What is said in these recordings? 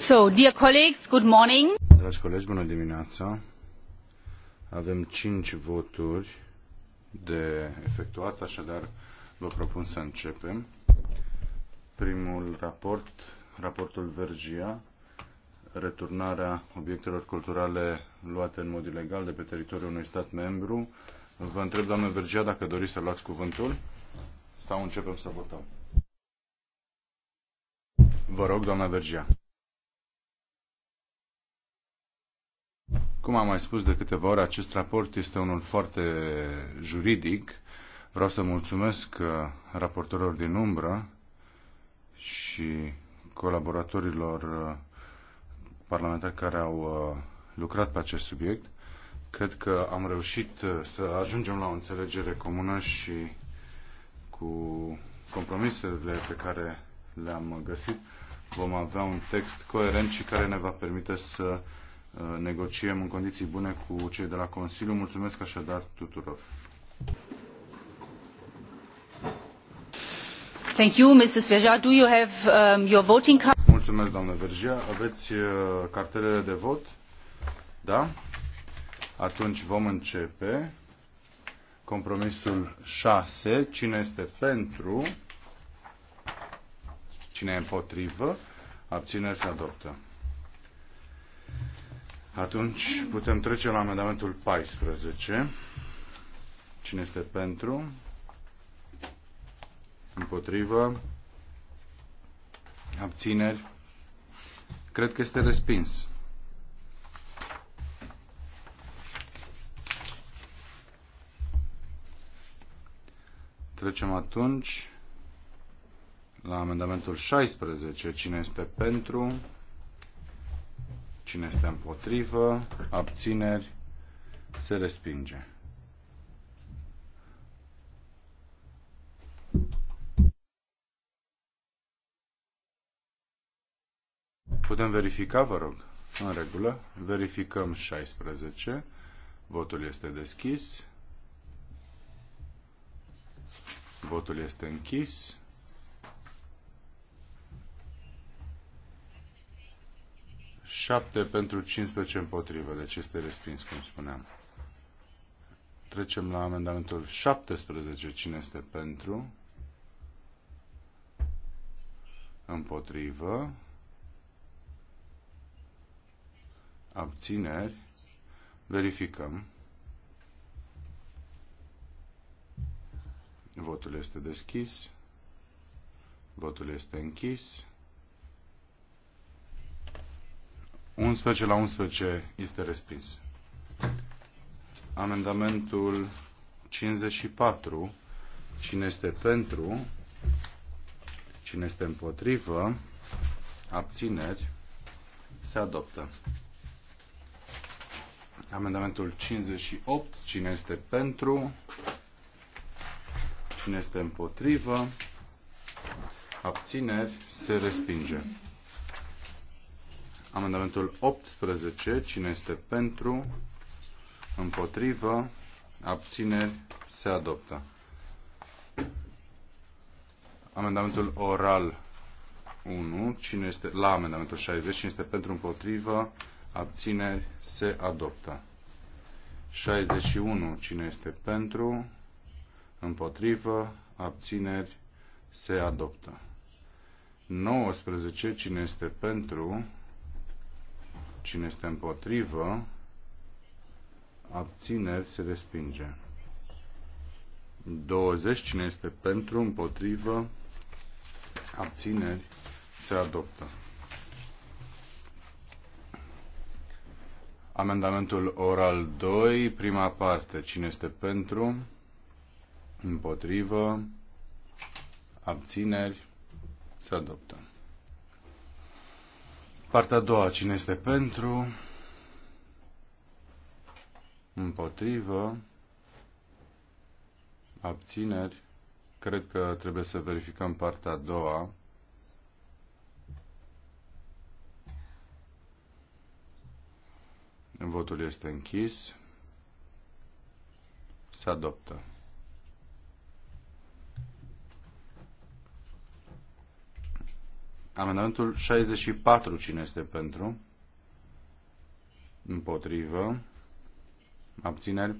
So, dear colleagues, good morning. Dragi colegi, bună dimineața. Avem cinci voturi de efectuat, așadar vă propun să începem. Primul raport, raportul Vergia, returnarea obiectelor culturale luate în mod ilegal de pe teritoriul unui stat membru. Vă întreb, doamnă Vergia, dacă doriți să luați cuvântul sau începem să votăm. Vă rog, doamna Vergia. Cum am mai spus de câteva ori, acest raport este unul foarte juridic. Vreau să mulțumesc uh, raportorilor din umbră și colaboratorilor uh, parlamentari care au uh, lucrat pe acest subiect. Cred că am reușit să ajungem la o înțelegere comună și cu compromisurile pe care le-am găsit vom avea un text coerent și care ne va permite să Uh, negociem în condiții bune cu cei de la Consiliu. Mulțumesc așadar tuturor. Thank you, Mrs. Verja. Do you have um, your voting card? Mulțumesc, doamnă Verja. Aveți uh, cartelele de vot? Da? Atunci vom începe. Compromisul 6. Cine este pentru? Cine e împotrivă? Abține se adoptă. Atunci putem trece la amendamentul 14. Cine este pentru? Împotrivă? Abțineri? Cred că este respins. Trecem atunci la amendamentul 16. Cine este pentru? Cine este împotrivă? Abțineri? Se respinge. Putem verifica, vă rog? În regulă. Verificăm 16. Votul este deschis. Votul este închis. 7 pentru 15 împotrivă, deci este respins, cum spuneam. Trecem la amendamentul 17. Cine este pentru? Împotrivă. Abțineri. Verificăm. Votul este deschis. Votul este închis. 11 la 11 este respins. Amendamentul 54. Cine este pentru? Cine este împotrivă? Abțineri? Se adoptă. Amendamentul 58. Cine este pentru? Cine este împotrivă? Abțineri? Se respinge. Amendamentul 18. Cine este pentru? Împotrivă? Abțineri? Se adoptă. Amendamentul oral 1. Cine este, la amendamentul 60. Cine este pentru? Împotrivă? Abțineri? Se adoptă. 61. Cine este pentru? Împotrivă? Abțineri? Se adoptă. 19. Cine este pentru? Cine este împotrivă? Abțineri se respinge. 20. Cine este pentru, împotrivă, abțineri, se adoptă. Amendamentul oral 2, prima parte. Cine este pentru, împotrivă, abțineri, se adoptă. Partea a doua, cine este pentru? Împotrivă? Abțineri? Cred că trebuie să verificăm partea a doua. Votul este închis. Se adoptă. Amendamentul 64, cine este pentru? Împotrivă. Abțineri.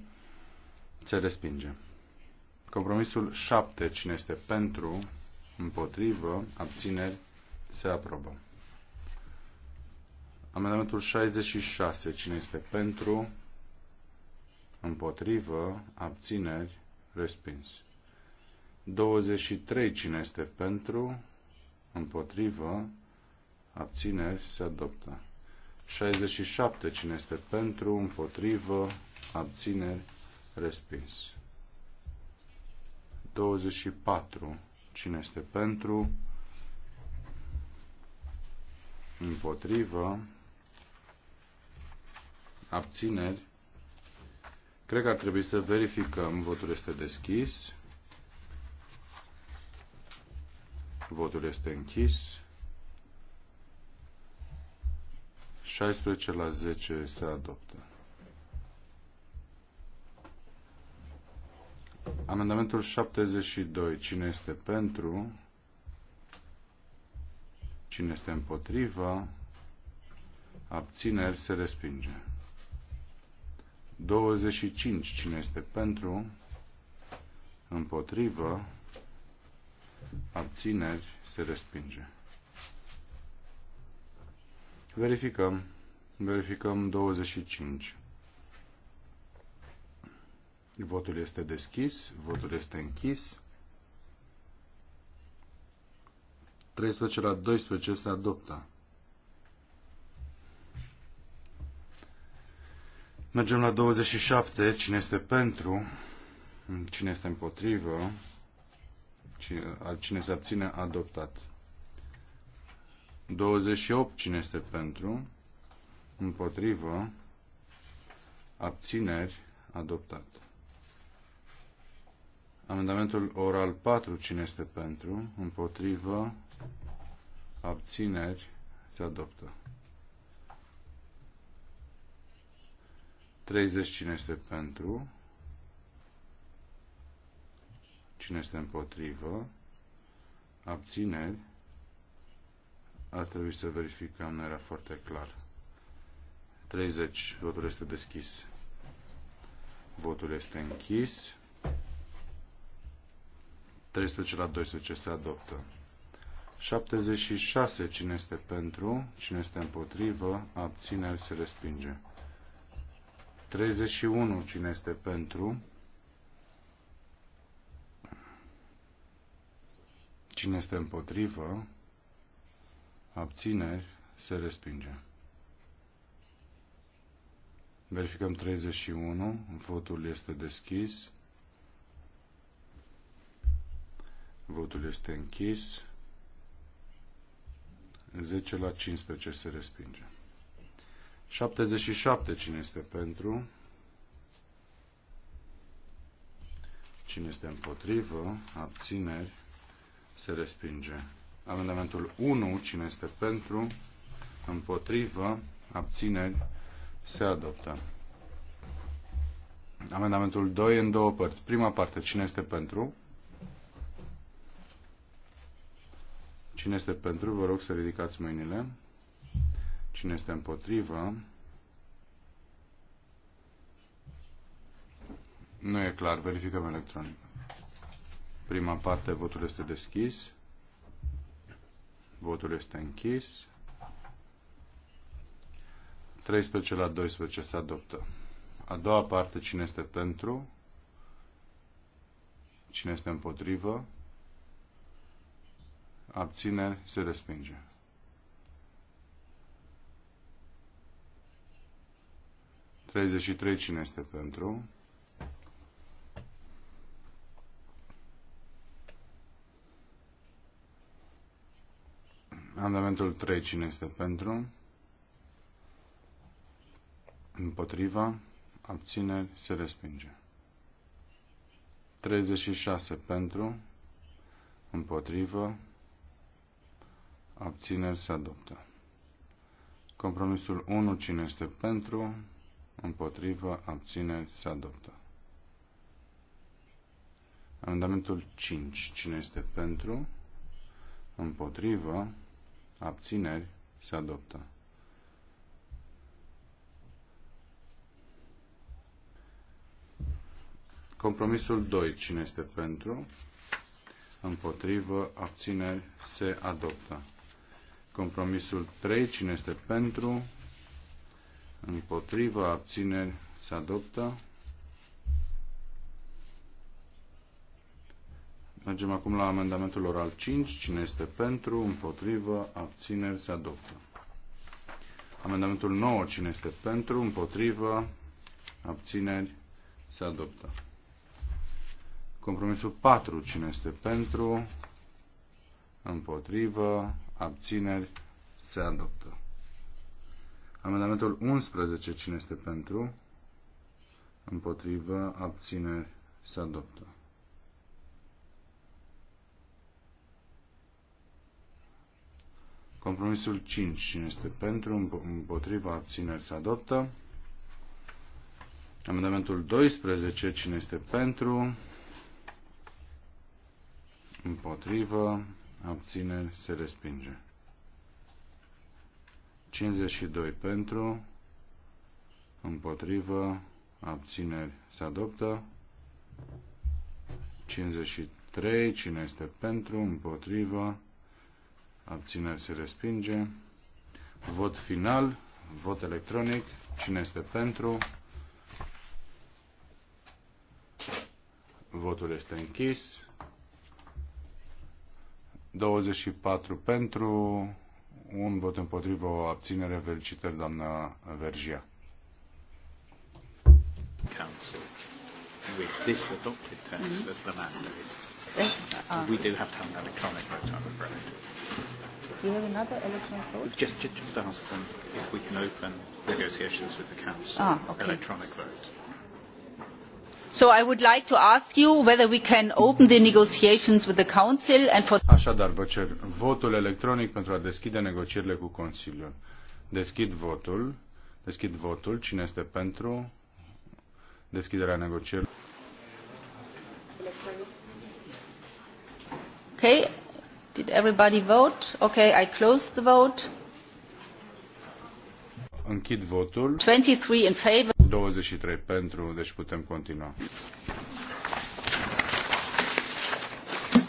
Se respinge. Compromisul 7, cine este pentru? Împotrivă. Abțineri. Se aprobă. Amendamentul 66, cine este pentru? Împotrivă. Abțineri. Respins. 23, cine este pentru? împotrivă, abțineri, se adoptă. 67. Cine este pentru, împotrivă, abțineri, respins. 24. Cine este pentru, împotrivă, abțineri, cred că ar trebui să verificăm, votul este deschis. Votul este închis. 16 la 10 se adoptă. Amendamentul 72. Cine este pentru? Cine este împotriva? Abțineri se respinge. 25. Cine este pentru? Împotrivă? abțineri, se respinge. Verificăm. Verificăm 25. Votul este deschis, votul este închis. 13 la 12 se adoptă. Mergem la 27. Cine este pentru? Cine este împotrivă? Cine se abține, adoptat. 28. Cine este pentru? Împotrivă. Abțineri, adoptat. Amendamentul oral 4. Cine este pentru? Împotrivă. Abțineri, se adoptă. 30. Cine este pentru? Cine este împotrivă? Abțineri? Ar trebui să verificăm, nu era foarte clar. 30. Votul este deschis. Votul este închis. 13 la 12 se adoptă. 76. Cine este pentru? Cine este împotrivă? Abțineri se respinge. 31. Cine este pentru? Cine este împotrivă? Abțineri se respinge. Verificăm 31. Votul este deschis. Votul este închis. 10 la 15 se respinge. 77. Cine este pentru? Cine este împotrivă? Abțineri se respinge. Amendamentul 1, cine este pentru, împotrivă, abțineri, se adoptă. Amendamentul 2 în două părți. Prima parte, cine este pentru? Cine este pentru? Vă rog să ridicați mâinile. Cine este împotrivă? Nu e clar. Verificăm electronic. Prima parte, votul este deschis. Votul este închis. 13 la 12 se adoptă. A doua parte, cine este pentru? Cine este împotrivă? Abțineri se respinge. Treizeci și trei cine este pentru? Amendamentul 3, cine este pentru? Împotriva. Abțineri. Se respinge. 36 pentru. Împotrivă. Abțineri. Se adoptă. Compromisul 1, cine este pentru? Împotrivă. Abțineri. Se adoptă. Amendamentul 5. Cine este pentru? Împotrivă? abțineri, se adoptă. Compromisul 2. Cine este pentru? Împotrivă, abțineri, se adoptă. Compromisul 3. Cine este pentru? Împotrivă, abțineri, se adoptă. Mergem acum la amendamentul oral 5. Cine este pentru, împotrivă, abțineri, se adoptă. Amendamentul 9. Cine este pentru, împotrivă, abțineri, se adoptă. Compromisul 4. Cine este pentru, împotrivă, abțineri, se adoptă. Amendamentul 11. Cine este pentru, împotrivă, abțineri, se adoptă. Compromisul 5. Cine este pentru? Împotriva abțineri se adoptă. Amendamentul 12. Cine este pentru? Împotrivă. Abțineri se respinge. 52 pentru. Împotrivă. Abțineri se adoptă. 53. Cine este pentru? Împotrivă abțineri se respinge. Vot final, vot electronic, cine este pentru? Votul este închis. 24 pentru, un vot împotrivă, o abținere. Felicitări, doamna Vergia. Council with this adopted text mm-hmm. as the mandate. Yes. uh, we do have to have an electronic vote, I'm afraid. You have another electronic vote? Just, just, just ask them if we can open negotiations with the Council, ah, okay. electronic vote. So I would like to ask you whether we can open the negotiations with the Council and for... Așadar, vă cer votul electronic pentru a deschide negocierile cu Consiliul. Deschid votul. Deschid votul. Cine este pentru deschiderea negocierilor? Okay. Did everybody vote? Okay, I close the vote. Închid votul. 23 in favor. pentru, deci putem continua.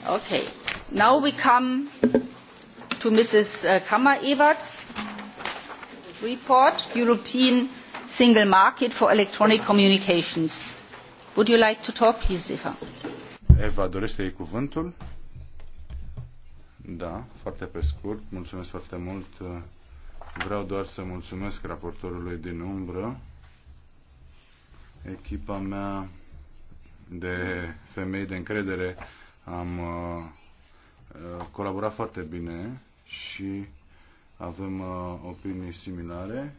Okay. Now we come to Mrs. Uh, kammer Evert's report, European Single Market for Electronic Communications. Would you like to talk, please, Eva? Eva, dorește cuvântul? Da, foarte pe scurt. Mulțumesc foarte mult. Vreau doar să mulțumesc raportorului din umbră, echipa mea de femei de încredere. Am uh, uh, colaborat foarte bine și avem uh, opinii similare.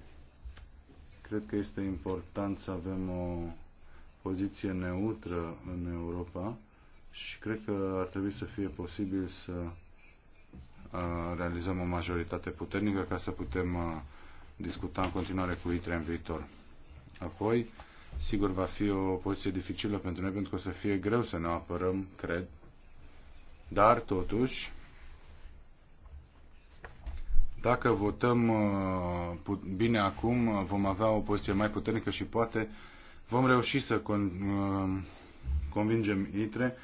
Cred că este important să avem o poziție neutră în Europa și cred că ar trebui să fie posibil să Uh, realizăm o majoritate puternică ca să putem uh, discuta în continuare cu ITRE în viitor. Apoi, sigur, va fi o poziție dificilă pentru noi pentru că o să fie greu să ne apărăm, cred. Dar, totuși, dacă votăm uh, bine acum, vom avea o poziție mai puternică și poate vom reuși să convingem ITRE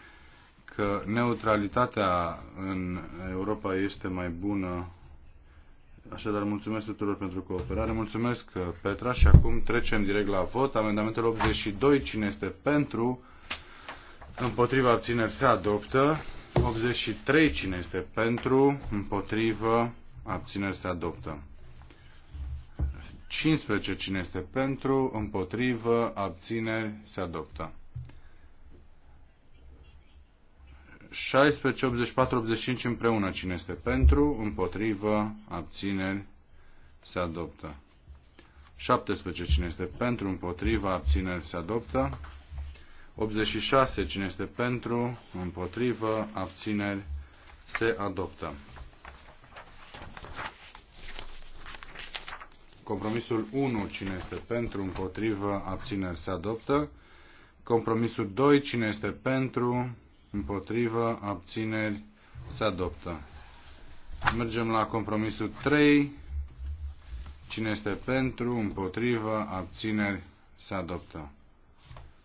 că neutralitatea în Europa este mai bună. Așadar, mulțumesc tuturor pentru cooperare. Mulțumesc, uh, Petra. Și acum trecem direct la vot. Amendamentul 82. Cine este pentru? Împotriva abțineri se adoptă. 83. Cine este pentru? Împotrivă abțineri se adoptă. 15. Cine este pentru? Împotrivă abțineri se adoptă. 16, 84, 85 împreună. Cine este pentru, împotrivă, abțineri, se adoptă. 17. Cine este pentru, împotrivă, abțineri, se adoptă. 86. Cine este pentru, împotrivă, abțineri, se adoptă. Compromisul 1. Cine este pentru, împotrivă, abțineri, se adoptă. Compromisul 2. Cine este pentru, împotrivă, abțineri, se adoptă. Mergem la compromisul 3. Cine este pentru, împotrivă, abțineri, se adoptă.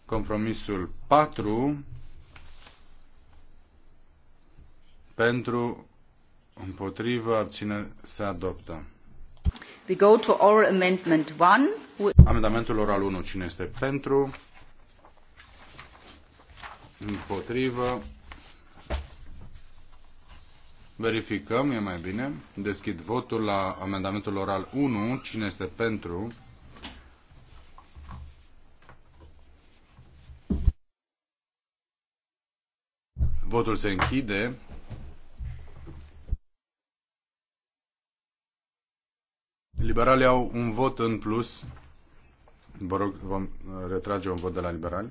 Compromisul 4. Pentru, împotrivă, abțineri, se adoptă. We go to oral amendment 1. Amendamentul oral 1. Cine este pentru? împotrivă, verificăm, e mai bine, deschid votul la amendamentul oral 1, cine este pentru, Votul se închide. Liberalii au un vot în plus. Vă rog, vom retrage un vot de la liberali.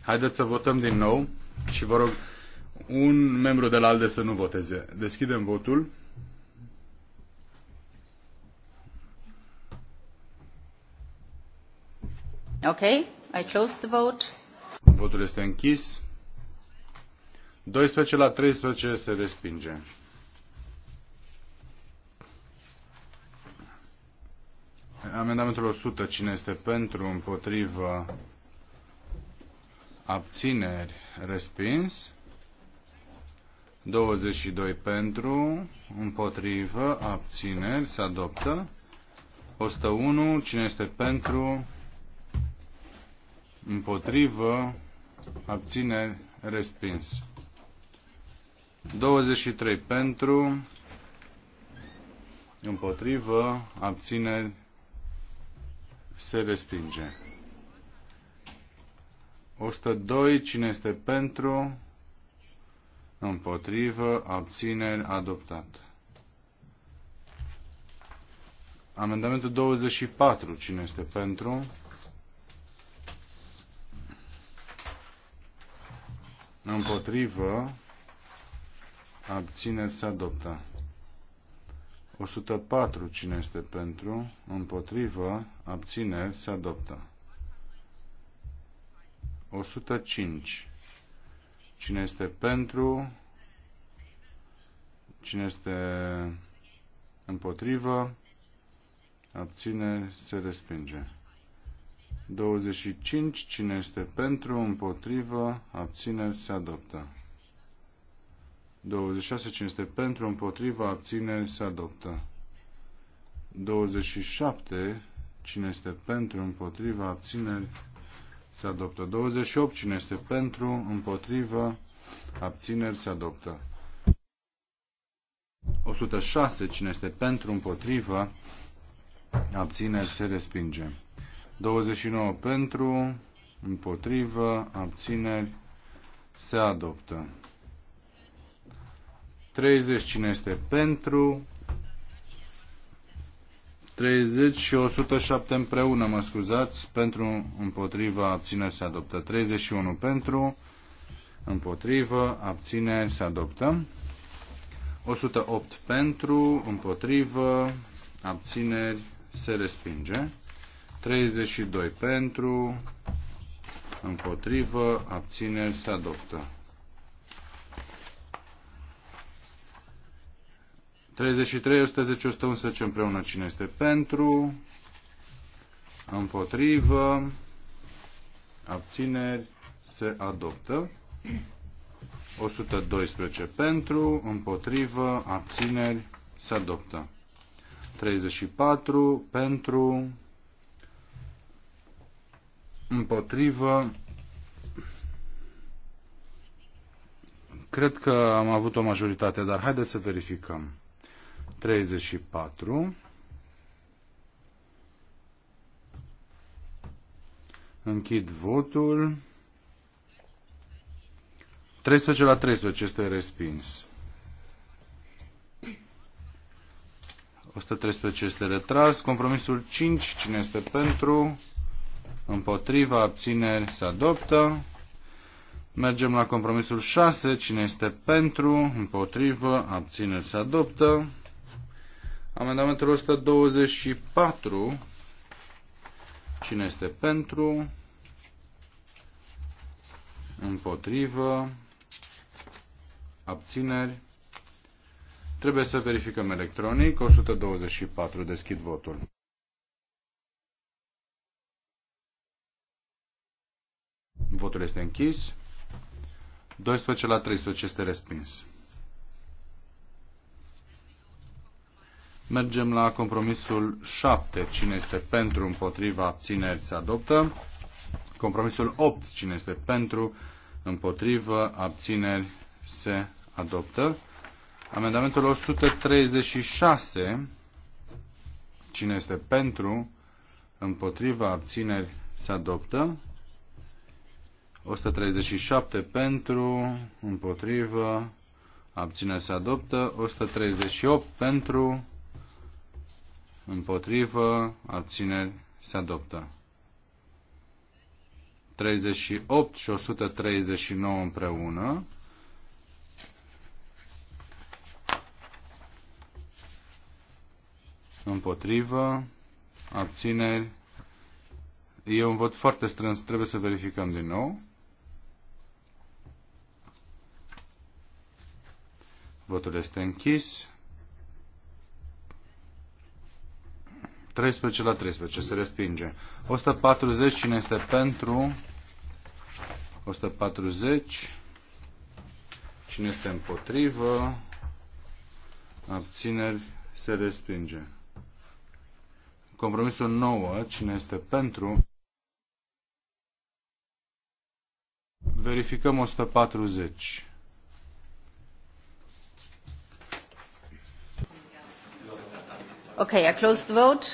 Haideți să votăm din nou și vă rog un membru de la ALDE să nu voteze. Deschidem votul. Ok, I chose the vote. Votul este închis. 12 la 13 se respinge. Amendamentul 100, cine este pentru, împotrivă, abțineri respins. 22 pentru, împotrivă, abțineri, se adoptă. 101, cine este pentru, împotrivă, abțineri, respins. 23 pentru, împotrivă, abțineri, se respinge. 102. Cine este pentru? Împotrivă. Abțineri. Adoptat. Amendamentul 24. Cine este pentru? Împotrivă. Abțineri. Se adoptă. 104. Cine este pentru? Împotrivă. Abțineri. Se adoptă. 105. Cine este pentru? Cine este împotrivă? Abține, se respinge. 25. Cine este pentru, împotrivă, abțineri, se adoptă. 26. Cine este pentru, împotrivă, abțineri, se adoptă. 27. Cine este pentru, împotrivă, abțineri, se adoptă. 28. Cine este pentru, împotrivă, abțineri, se adoptă. 106. Cine este pentru, împotrivă, abțineri, se respinge. 29. Pentru, împotrivă, abțineri, se adoptă. 30. Cine este pentru, 30 și 107 împreună, mă scuzați, pentru, împotriva, abțineri se adoptă. 31 pentru, împotrivă, abțineri se adoptă. 108 pentru, împotrivă, abțineri se respinge. 32 pentru, împotrivă, abțineri se adoptă. 33, 110, 111 împreună cine este pentru, împotrivă, abțineri, se adoptă. 112 pentru, împotrivă, abțineri, se adoptă. 34 pentru, împotrivă, cred că am avut o majoritate, dar haideți să verificăm. 34 Închid votul. 13 la 13 este respins. 113 este retras. Compromisul 5. Cine este pentru? Împotriva. Abțineri. Se adoptă. Mergem la compromisul 6. Cine este pentru? Împotrivă. Abțineri. Se adoptă. Amendamentul 124. Cine este pentru? Împotrivă? Abțineri? Trebuie să verificăm electronic. 124. Deschid votul. Votul este închis. 12 la 13 este respins. Mergem la compromisul 7. Cine este pentru, împotriva, abțineri, se adoptă. Compromisul 8. Cine este pentru, împotrivă, abțineri, se adoptă. Amendamentul 136. Cine este pentru, împotriva, abțineri, se adoptă. 137 pentru, împotrivă, abțineri, se adoptă. 138 pentru, împotrivă, abțineri, se adoptă. 38 și 139 împreună. Împotrivă, abțineri. Eu un vot foarte strâns, trebuie să verificăm din nou. Votul este închis. 13 la 13 se respinge. 140 cine este pentru? 140 cine este împotrivă? Abțineri se respinge. Compromisul 9 cine este pentru? Verificăm 140. Okay, I closed the vote.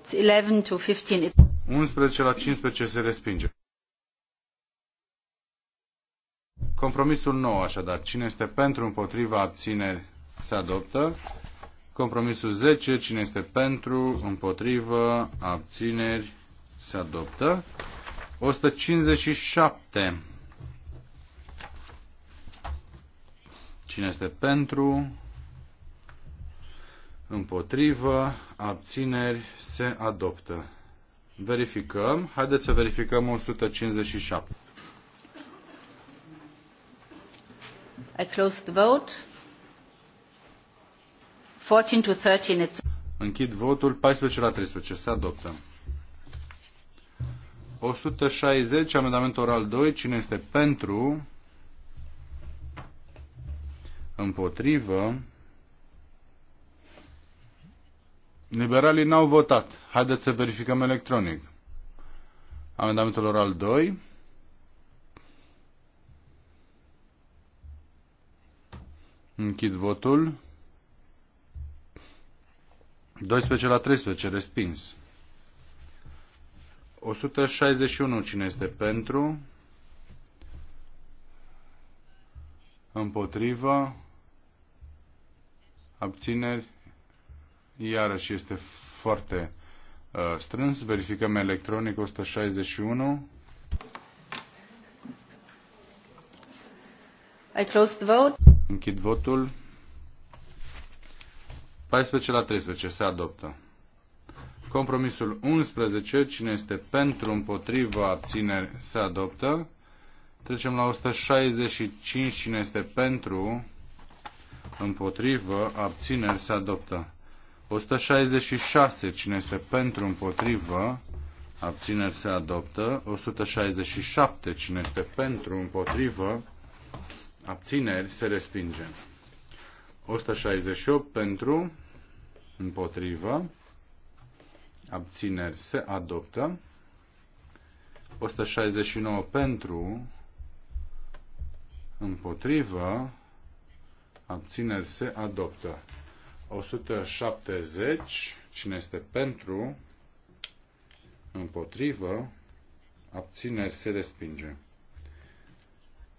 It's 11 to 15. 11 la 15 se respinge. Compromisul nou, așadar, cine este pentru, împotriva, abțineri, se adoptă. Compromisul 10, cine este pentru, împotrivă, abțineri, se adoptă. 157. Cine este pentru, împotrivă, abțineri, se adoptă. Verificăm. Haideți să verificăm 157. I close the vote. 14 to 13. It's... Închid votul. 14 la 13. Se adoptă. 160, amendament oral 2. Cine este pentru? Împotrivă? Liberalii n-au votat. Haideți să verificăm electronic. Amendamentul oral 2. Închid votul. 12 la 13, respins. 161, cine este pentru? Împotriva. Abțineri? iarăși este foarte uh, strâns. Verificăm electronic 161. I close the vote. Închid votul. 14 la 13 se adoptă. Compromisul 11, cine este pentru, împotriva, abțineri, se adoptă. Trecem la 165, cine este pentru, împotrivă, abțineri, se adoptă. 166. Cine este pentru, împotrivă, abțineri se adoptă. 167. Cine este pentru, împotrivă, abțineri se respinge. 168 pentru, împotrivă, abțineri se adoptă. 169 pentru, împotrivă, abțineri se adoptă. 170. Cine este pentru? Împotrivă. Abțineri se respinge.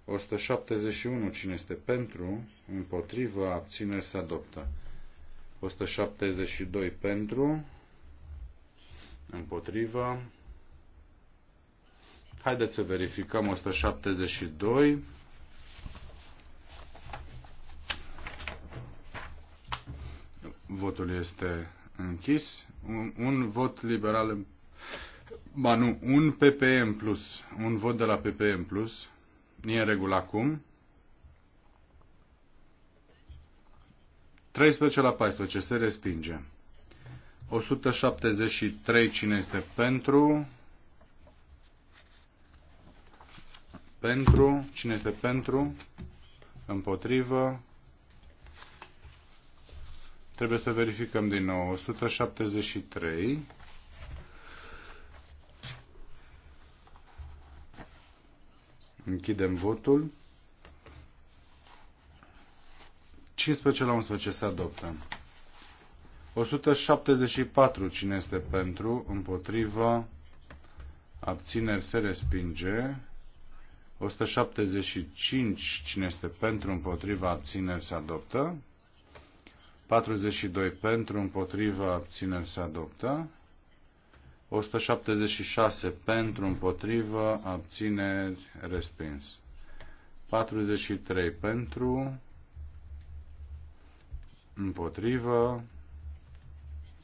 171. Cine este pentru? Împotrivă. Abțineri se adoptă. 172 pentru. Împotrivă. Haideți să verificăm 172. Votul este închis. Un, un vot liberal, ba nu, un în plus, un vot de la în plus, e în regulă acum. 13 la 14 se respinge. 173 cine este pentru? Pentru, cine este pentru? Împotrivă, Trebuie să verificăm din nou. 173. Închidem votul. 15 la 11 se adoptă. 174. Cine este pentru? Împotriva? Abțineri se respinge. 175. Cine este pentru? Împotriva? Abțineri se adoptă. 42 pentru, împotriva, abțineri se adoptă. 176 pentru, împotriva abțineri, respins. 43 pentru, împotrivă,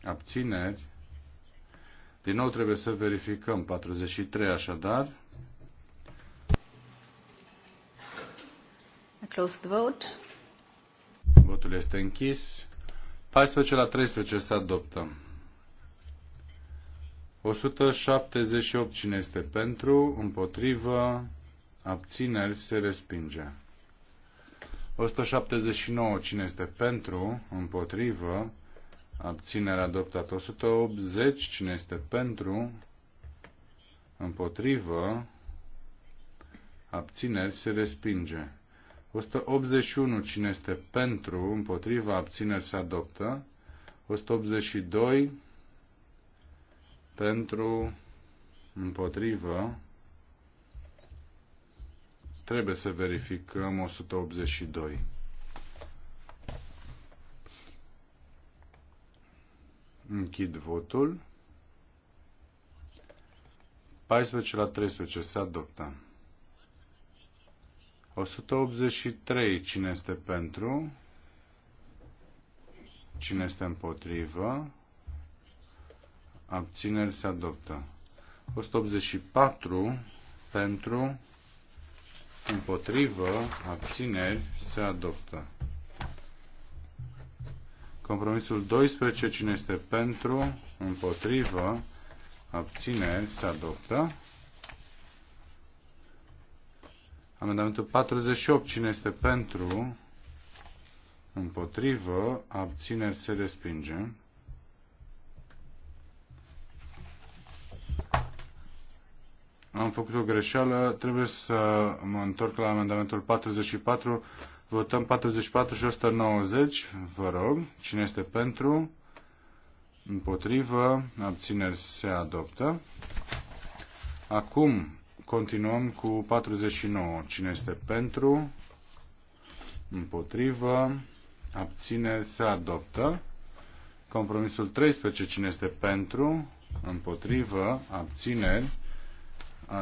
abțineri. Din nou trebuie să verificăm. 43 așadar. A closed vote. Votul este închis 14 la 13 se adoptă. 178 cine este pentru, împotrivă, abțineri, se respinge. 179 cine este pentru, împotrivă, abținere adoptat. 180 cine este pentru, împotrivă, abțineri, se respinge. 181 cine este pentru, împotriva, abțineri se adoptă. 182 pentru, împotrivă. Trebuie să verificăm 182. Închid votul. 14 la 13 se adoptă. 183. Cine este pentru? Cine este împotrivă? Abțineri se adoptă. 184 pentru, împotrivă, abțineri se adoptă. Compromisul 12, cine este pentru, împotrivă, abțineri se adoptă. Amendamentul 48. Cine este pentru? Împotrivă. Abțineri se respinge. Am făcut o greșeală. Trebuie să mă întorc la amendamentul 44. Votăm 44 și 190. Vă rog. Cine este pentru? Împotrivă. Abțineri se adoptă. Acum Continuăm cu 49. Cine este pentru? Împotrivă. abține se adoptă. Compromisul 13. Cine este pentru? Împotrivă. Abțineri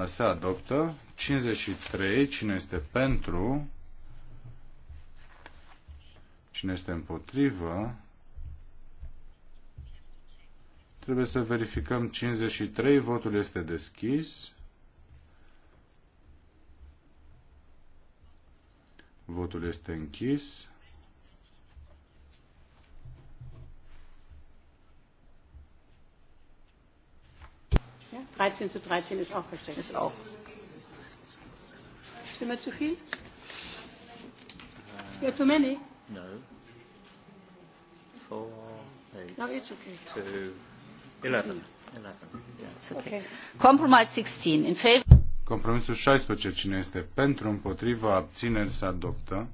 se adoptă. 53. Cine este pentru? Cine este împotrivă? Trebuie să verificăm 53. Votul este deschis. Votul este închis. Ja, 13 zu 13 ist auch versteckt. Ist auch. Sind zu viel? Uh, You're too many? No. Four, eight. No, it's okay. Two, Eleven. Eleven. Yeah. It's okay. okay. Compromise 16 in favor. Compromisul 16. Cine este pentru, împotriva, abțineri, se adoptă.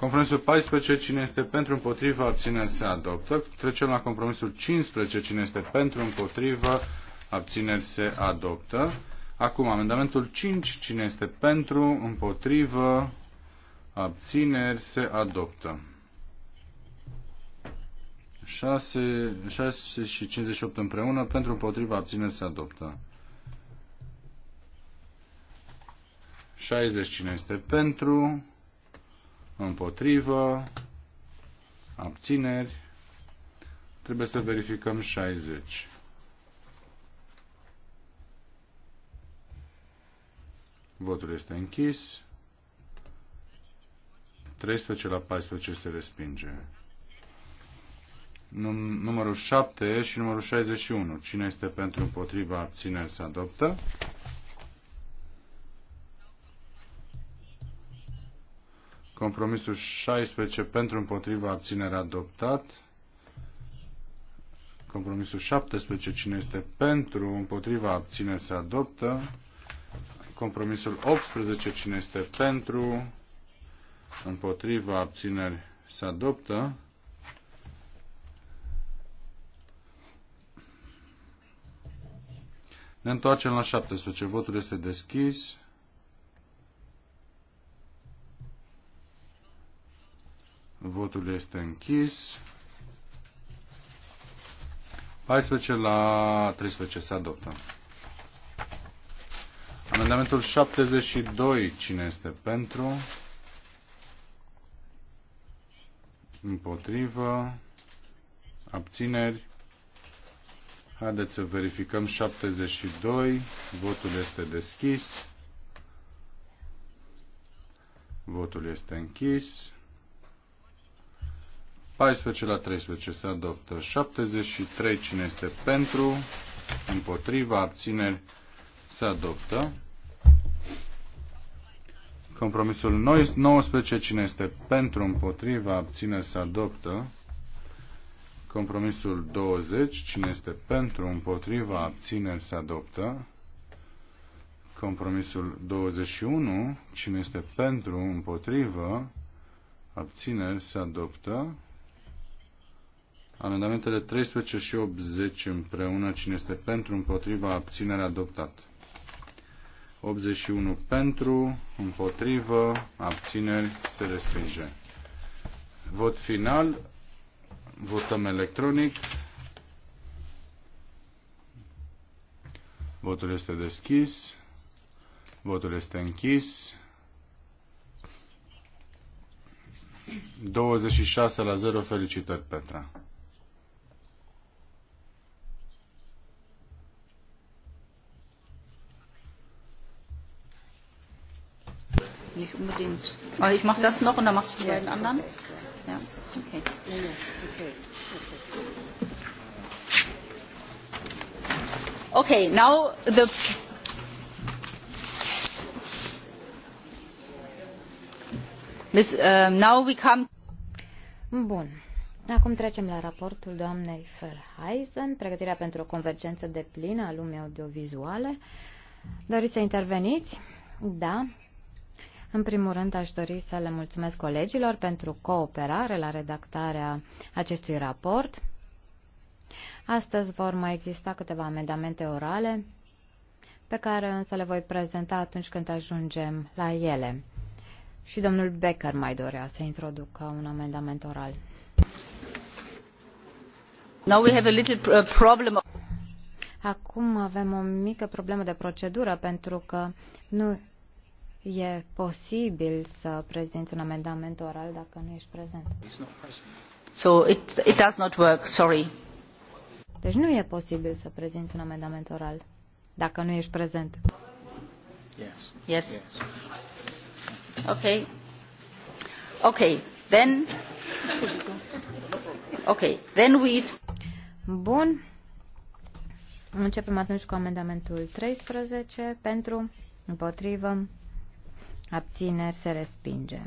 Compromisul 14, cine este pentru, împotrivă, abțineri, se adoptă. Trecem la compromisul 15, cine este pentru, împotrivă, abțineri, se adoptă. Acum, amendamentul 5, cine este pentru, împotrivă, abțineri, se adoptă. 6, 6 și 58 împreună, pentru, împotrivă, abțineri, se adoptă. 60, cine este pentru, împotrivă, abțineri, trebuie să verificăm 60. Votul este închis. 13 la 14 se respinge. Num numărul 7 și numărul 61. Cine este pentru împotriva abțineri se adoptă. Compromisul 16 pentru împotriva abținere adoptat. Compromisul 17 cine este pentru împotriva abținere se adoptă. Compromisul 18 cine este pentru împotriva abțineri se adoptă. Ne întoarcem la 17. Votul este deschis. Votul este închis. 14 la 13 se adoptă. Amendamentul 72, cine este pentru? Împotrivă. Abțineri. Haideți să verificăm 72. Votul este deschis. Votul este închis. 14 la 13 se adoptă. 73 cine este pentru, împotriva, abțineri se adoptă. Compromisul 19 cine este pentru, împotriva, abțineri se adoptă. Compromisul 20 cine este pentru, împotriva, abțineri se adoptă. Compromisul 21 cine este pentru, împotrivă, abțineri se adoptă. Amendamentele 13 și 80 împreună, cine este pentru, împotriva, abținere, adoptat. 81 pentru, împotrivă, abțineri, se respinge. Vot final, votăm electronic. Votul este deschis. Votul este închis. 26 la 0. Felicitări, Petra. nicht unbedingt. Aber ich mache das noch und dann machst du die beiden anderen. Ja, okay. Okay, now the Miss, uh, now we come Bun. Acum trecem la raportul doamnei Ferheisen, pregătirea pentru o convergență de plină a lumii audiovizuale. Doriți să interveniți? Da. În primul rând, aș dori să le mulțumesc colegilor pentru cooperare la redactarea acestui raport. Astăzi vor mai exista câteva amendamente orale, pe care însă le voi prezenta atunci când ajungem la ele. Și domnul Becker mai dorea să introducă un amendament oral. Now we have a little problem. Acum avem o mică problemă de procedură pentru că nu E posibil să prezinți un amendament oral dacă nu ești prezent. So it, it does not work, sorry. Deci nu e posibil să prezinți un amendament oral dacă nu ești prezent. Yes. Yes. yes. Okay. Okay. Then Okay. Then we Bun. Începem atunci cu amendamentul 13 pentru împotrivă abțineri se respinge.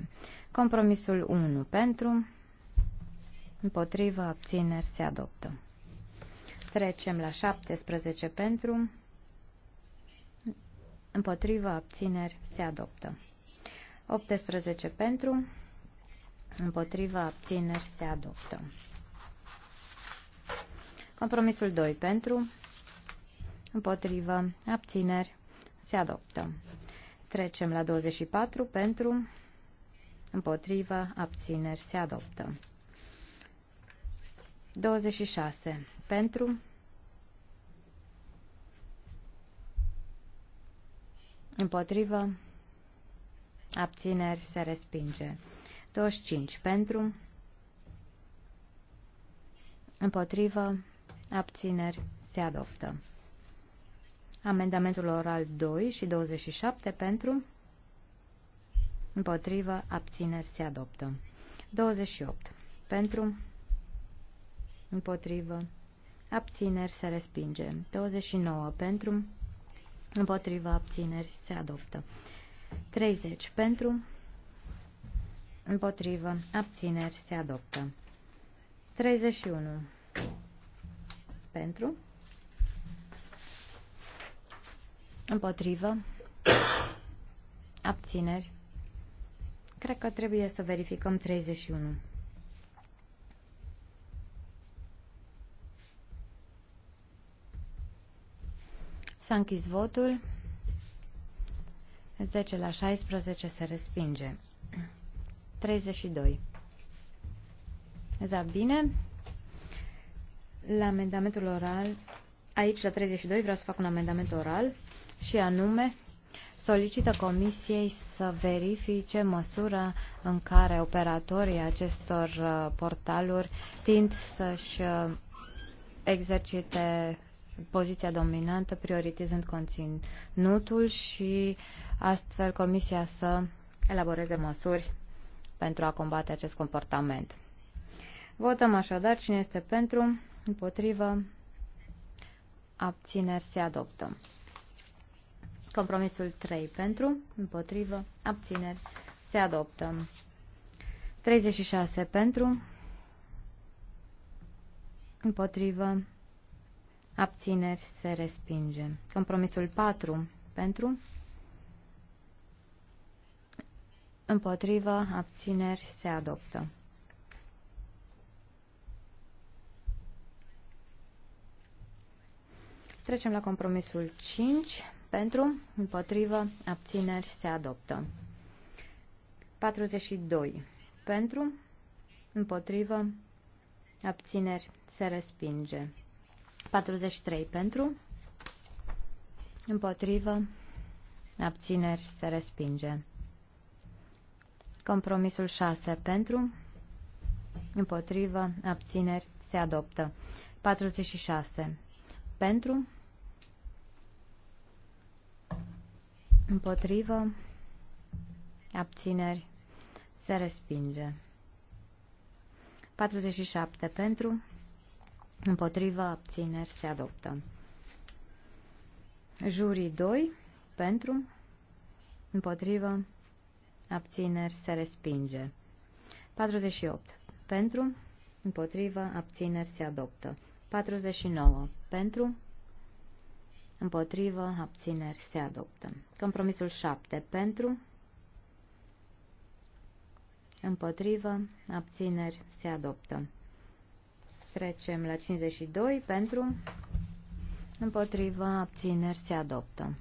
Compromisul 1 pentru, împotrivă, abțineri se adoptă. Trecem la 17 pentru, împotrivă, abțineri se adoptă. 18 pentru, împotrivă, abțineri se adoptă. Compromisul 2 pentru, împotrivă, abțineri se adoptă. Trecem la 24 pentru, împotrivă, abțineri, se adoptă. 26 pentru, împotrivă, abțineri, se respinge. 25 pentru, împotrivă, abțineri, se adoptă. Amendamentul oral 2 și 27 pentru, împotrivă, abțineri se adoptă. 28 pentru, împotrivă, abțineri se respinge. 29 pentru, împotrivă, abțineri se adoptă. 30 pentru, împotrivă, abțineri se adoptă. 31 pentru, Împotrivă. Abțineri. Cred că trebuie să verificăm 31. S-a închis votul. 10 la 16 se respinge. 32. Da, bine. La amendamentul oral, aici la 32 vreau să fac un amendament oral și anume solicită Comisiei să verifice măsura în care operatorii acestor uh, portaluri tind să-și uh, exercite poziția dominantă, prioritizând conținutul și astfel Comisia să elaboreze măsuri pentru a combate acest comportament. Votăm așadar cine este pentru, împotrivă, abțineri se adoptă. Compromisul 3 pentru, împotrivă, abțineri, se adoptă. 36 pentru, împotrivă, abțineri, se respinge. Compromisul 4 pentru, împotrivă, abțineri, se adoptă. Trecem la compromisul 5 pentru, împotrivă, abțineri se adoptă. 42. Pentru, împotrivă, abțineri se respinge. 43. Pentru, împotrivă, abțineri se respinge. Compromisul 6. Pentru, împotrivă, abțineri se adoptă. 46. Pentru, Împotrivă. Abțineri. Se respinge. 47 pentru. Împotrivă. Abțineri. Se adoptă. Jurii 2 pentru. Împotrivă. Abțineri. Se respinge. 48 pentru. Împotrivă. Abțineri. Se adoptă. 49 pentru împotrivă, abțineri, se adoptă. Compromisul 7 pentru, împotrivă, abțineri, se adoptă. Trecem la 52 pentru, împotrivă, abțineri, se adoptă.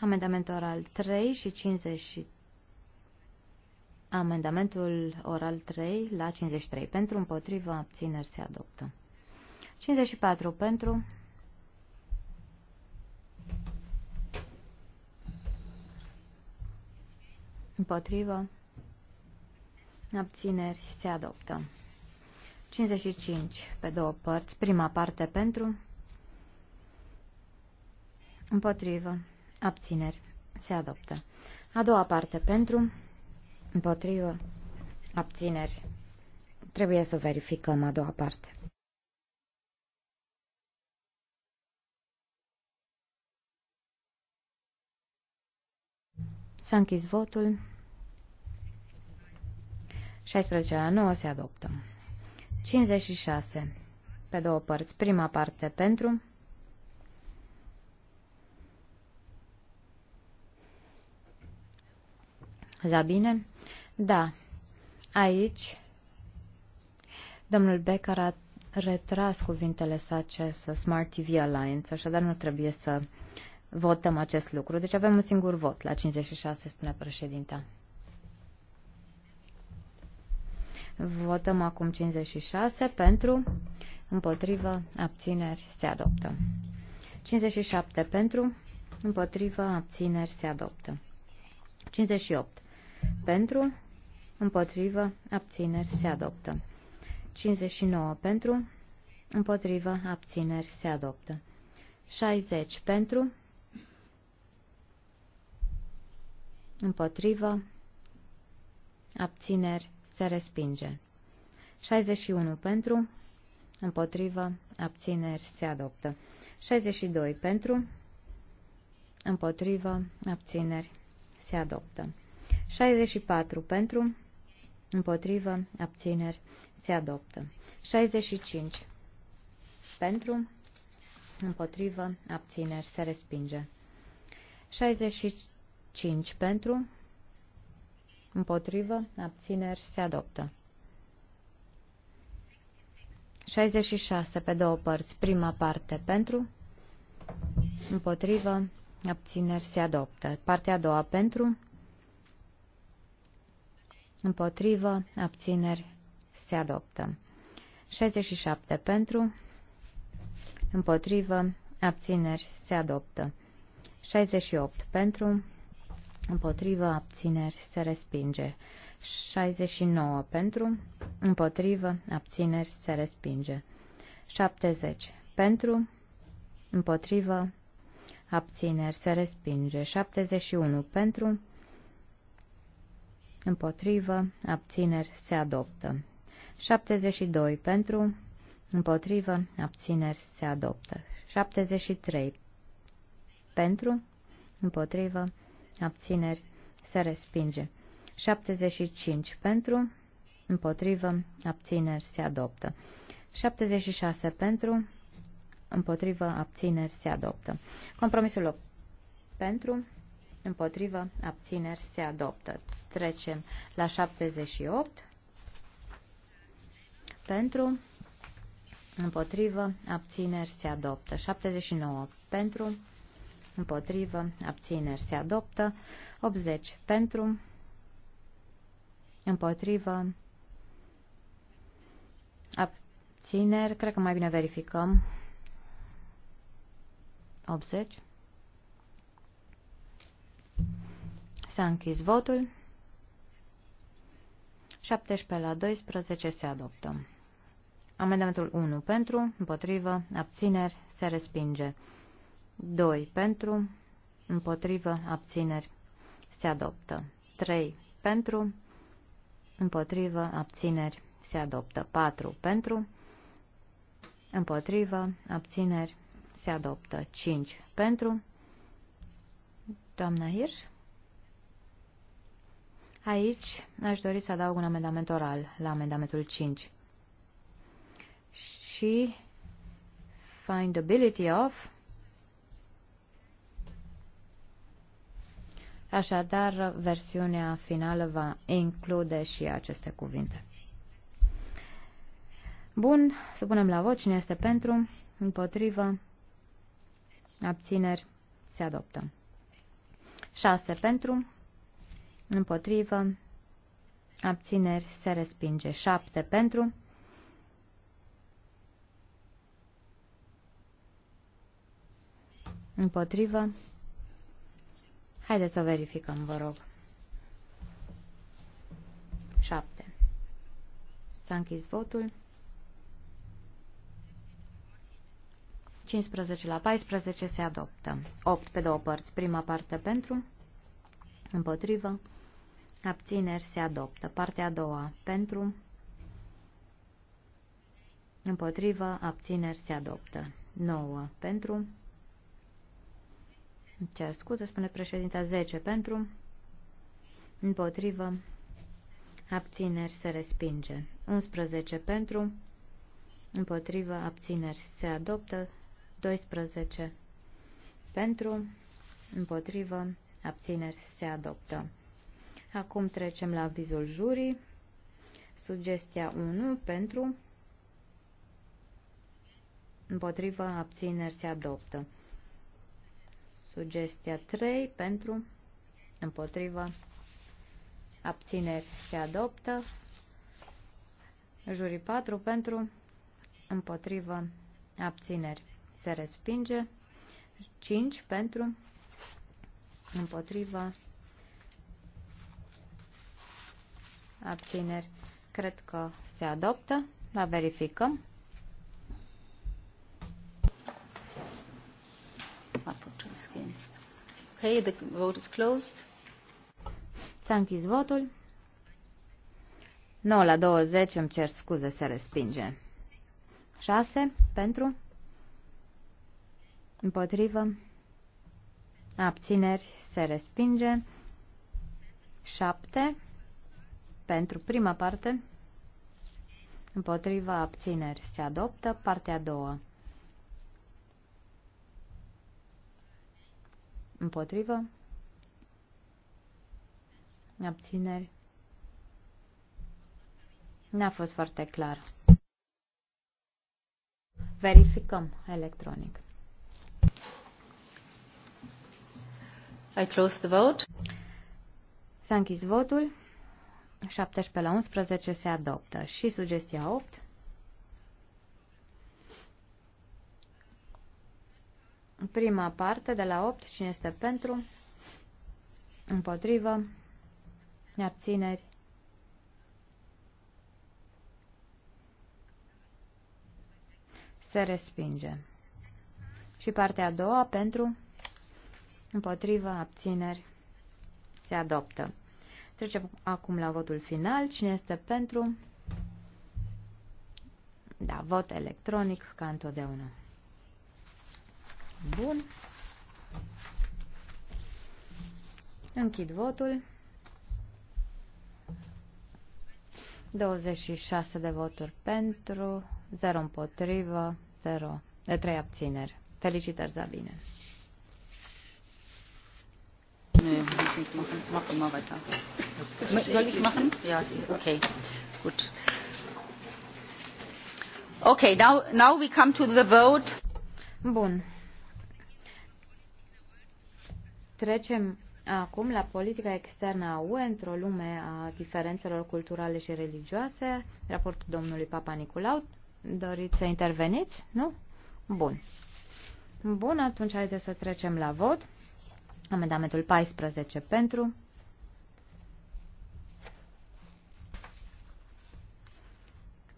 Amendamentul oral 3 și 53. Amendamentul oral 3 la 53. Pentru împotrivă abțineri se adoptă. 54 pentru. Împotrivă. Abțineri se adoptă. 55 pe două părți. Prima parte pentru. Împotrivă. Abțineri se adoptă. A doua parte pentru. Împotrivă. Abțineri. Trebuie să verificăm a doua parte. S-a închis votul. 16 la 9 se adoptă. 56. Pe două părți. Prima parte pentru. Zabine? Da. Aici domnul Becker a retras cuvintele sace să Smart TV Alliance, așadar nu trebuie să votăm acest lucru. Deci avem un singur vot la 56, spune președinta. Votăm acum 56 pentru, împotrivă, abțineri, se adoptă. 57 pentru, împotrivă, abțineri, se adoptă. 58 pentru, împotrivă, abțineri, se adoptă. 59 pentru, împotrivă, abțineri, se adoptă. 60 pentru, împotrivă, abțineri, se respinge. 61 pentru, împotrivă, abțineri, se adoptă. 62 pentru, împotrivă, abțineri, se adoptă. 64 pentru, împotrivă, abțineri, se adoptă. 65 pentru, împotrivă, abțineri, se respinge. 66 5 pentru, împotrivă, abțineri, se adoptă. 66 pe două părți, prima parte pentru, împotrivă, abțineri, se adoptă. Partea a doua pentru, împotrivă, abțineri, se adoptă. 67 pentru, împotrivă, abțineri, se adoptă. 68 pentru, Împotrivă, abțineri, se respinge. 69 pentru, împotrivă, abțineri, se respinge. 70 pentru, împotrivă, abțineri, se respinge. 71 pentru, împotrivă, abțineri, se adoptă. 72 pentru, împotrivă, abțineri, se adoptă. 73 pentru, împotrivă, abțineri, se respinge. 75 pentru, împotrivă, abțineri, se adoptă. 76 pentru, împotrivă, abțineri, se adoptă. Compromisul pentru, împotrivă, abțineri, se adoptă. Trecem la 78 pentru, împotrivă, abțineri, se adoptă. 79 pentru, împotrivă, abțineri se adoptă, 80 pentru, împotrivă, abțineri, cred că mai bine verificăm, 80. S-a închis votul. 17 la 12 se adoptă. Amendamentul 1 pentru, împotrivă, abțineri, se respinge. 2 pentru, împotrivă, abțineri, se adoptă. 3 pentru, împotrivă, abțineri, se adoptă. 4 pentru, împotrivă, abțineri, se adoptă. 5 pentru, doamna Hirș? Aici aș dori să adaug un amendament oral la amendamentul 5. Și findability of Așadar, versiunea finală va include și aceste cuvinte. Bun, supunem la vot cine este pentru, împotrivă, abțineri, se adoptă. 6 pentru, împotrivă, abțineri, se respinge. 7 pentru, împotrivă, Haideți să verificăm, vă rog. 7. S-a închis votul. 15 la 14 se adoptă. 8 pe două părți. Prima parte pentru, împotrivă, abțineri se adoptă. Partea a doua pentru, împotrivă, abțineri se adoptă. 9 pentru, Cer scuze, spune președinta 10 pentru, împotrivă, abțineri se respinge. 11 pentru, împotrivă, abțineri se adoptă. 12 pentru, împotrivă, abțineri se adoptă. Acum trecem la avizul jurii. Sugestia 1 pentru, împotrivă, abțineri se adoptă. Sugestia 3 pentru, împotriva, abțineri se adoptă. juri 4 pentru, împotriva abțineri se respinge. 5 pentru, împotriva abțineri. Cred că se adoptă. La verificăm. It's against. Okay, the vote is closed. S-a închis votul. 9 la 20, îmi cer scuze, se respinge. 6 pentru, împotrivă, abțineri, se respinge. 7 pentru prima parte, împotriva abțineri, se adoptă. Partea a doua Împotrivă. Abțineri. N-a fost foarte clar. Verificăm electronic. I close the vote. S-a închis votul. 17 la 11 se adoptă. Și sugestia 8. prima parte de la 8, cine este pentru, împotrivă, abțineri. Se respinge. Și partea a doua pentru, împotrivă, abțineri. Se adoptă. Trecem acum la votul final. Cine este pentru? Da, vot electronic, ca întotdeauna. Bun. Închid votul. 26 de voturi pentru, 0 împotrivă, 0 de 3 abțineri. Felicitări, Zabine! Nö, muss Gut. Okay, now, now we come to the vote. Bun. Trecem acum la politica externă a UE într-o lume a diferențelor culturale și religioase. Raportul domnului Papa Nicolau. Doriți să interveniți? Nu? Bun. Bun, atunci haideți să trecem la vot. Amendamentul 14 pentru.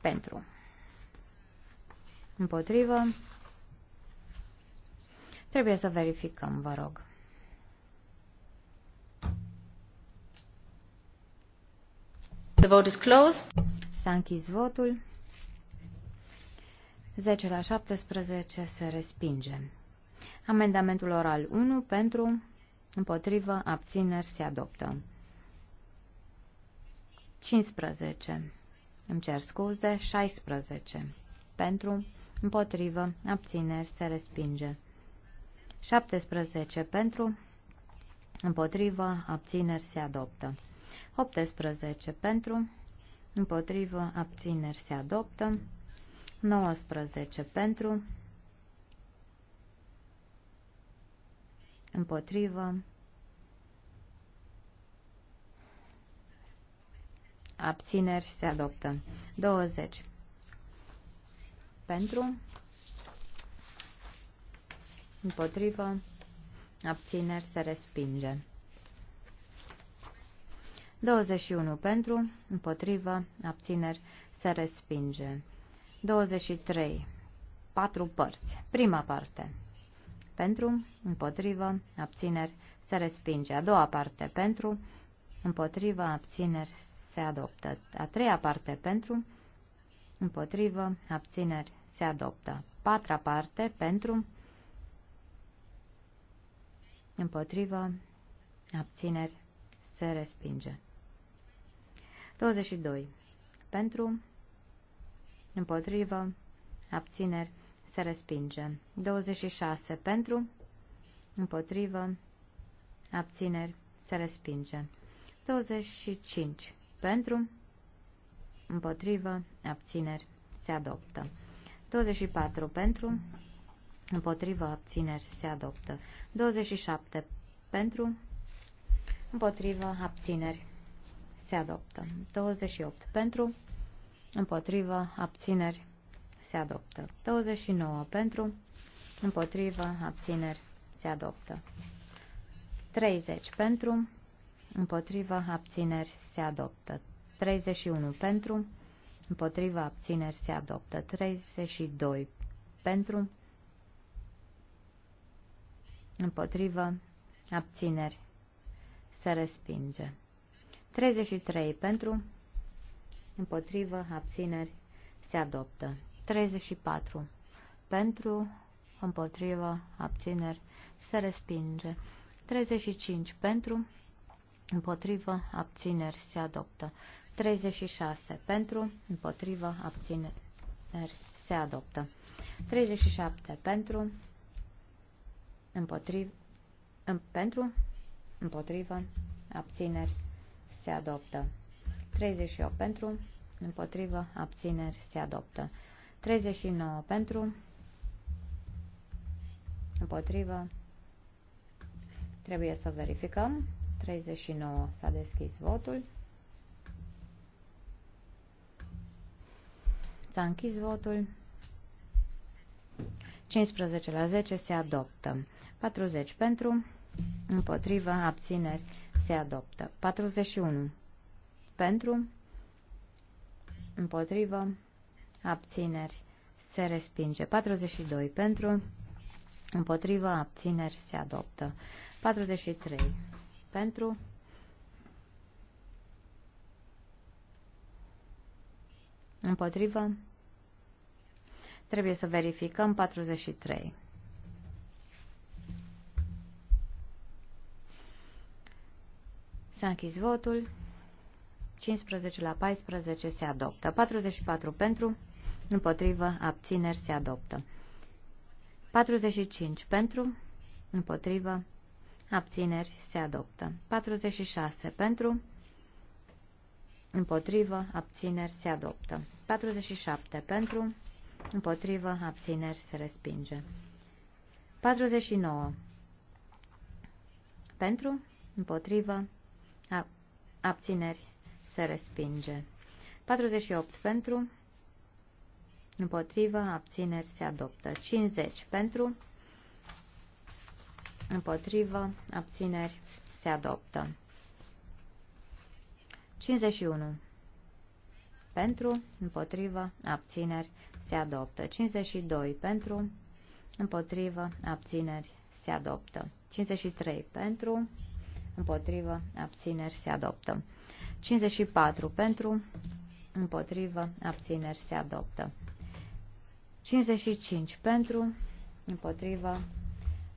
Pentru. Împotrivă. Trebuie să verificăm, vă rog. The vote is closed. S-a închis votul. 10 la 17 se respinge. Amendamentul oral 1 pentru, împotrivă, abțineri se adoptă. 15. Îmi cer scuze, 16. Pentru, împotrivă, abțineri se respinge. 17. Pentru, împotrivă, abțineri se adoptă. 18 pentru, împotrivă, abțineri se adoptă. 19 pentru, împotrivă, abțineri se adoptă. 20 pentru, împotrivă, abțineri se respinge. 21 pentru, împotrivă, abțineri, se respinge. 23. 4 părți. Prima parte. Pentru, împotrivă, abțineri, se respinge. A doua parte. Pentru, împotrivă, abțineri, se adoptă. A treia parte. Pentru, împotrivă, abțineri, se adoptă. Patra parte. Pentru, împotrivă, abțineri, se respinge. 22. Pentru, împotrivă, abțineri, se respinge. 26. Pentru, împotrivă, abțineri, se respinge. 25. Pentru, împotrivă, abțineri, se adoptă. 24. Pentru, împotrivă, abțineri, se adoptă. 27. Pentru, împotrivă, abțineri, se adoptă. 28 pentru, împotrivă, abțineri, se adoptă. 29 pentru, împotrivă, abțineri, se adoptă. 30 pentru, împotrivă, abțineri, se adoptă. 31 pentru, împotrivă, abțineri, se adoptă. 32 pentru, împotrivă, abțineri, se respinge. 33 pentru, împotrivă, abțineri, se adoptă. 34 pentru, împotrivă, abțineri, se respinge. 35 pentru, împotrivă, abțineri, se adoptă. 36 pentru, împotrivă, abțineri, se adoptă. 37 pentru, împotrivă, pentru, împotrivă, abțineri, se adoptă. 38 pentru, împotrivă, abțineri, se adoptă. 39 pentru, împotrivă, trebuie să verificăm. 39 s-a deschis votul. S-a închis votul. 15 la 10 se adoptă. 40 pentru, împotrivă, abțineri, se adoptă. 41. Pentru, împotrivă, abțineri, se respinge. 42. Pentru, împotrivă, abțineri, se adoptă. 43. Pentru, împotrivă, Trebuie să verificăm 43. S-a închis votul. 15 la 14 se adoptă. 44 pentru, împotrivă, abțineri se adoptă. 45 pentru, împotrivă, abțineri se adoptă. 46 pentru, împotrivă, abțineri se adoptă. 47 pentru, împotrivă, abțineri se respinge. 49 pentru, împotrivă, Abțineri. Se respinge. 48 pentru. Împotrivă. Abțineri. Se adoptă. 50 pentru. Împotrivă. Abțineri. Se adoptă. 51. Pentru, împotrivă, abțineri, se adoptă. 52. Pentru, împotrivă, abțineri, se adoptă. 53. Pentru, împotrivă, abțineri se adoptă. 54 pentru, împotrivă, abțineri se adoptă. 55 pentru, împotrivă,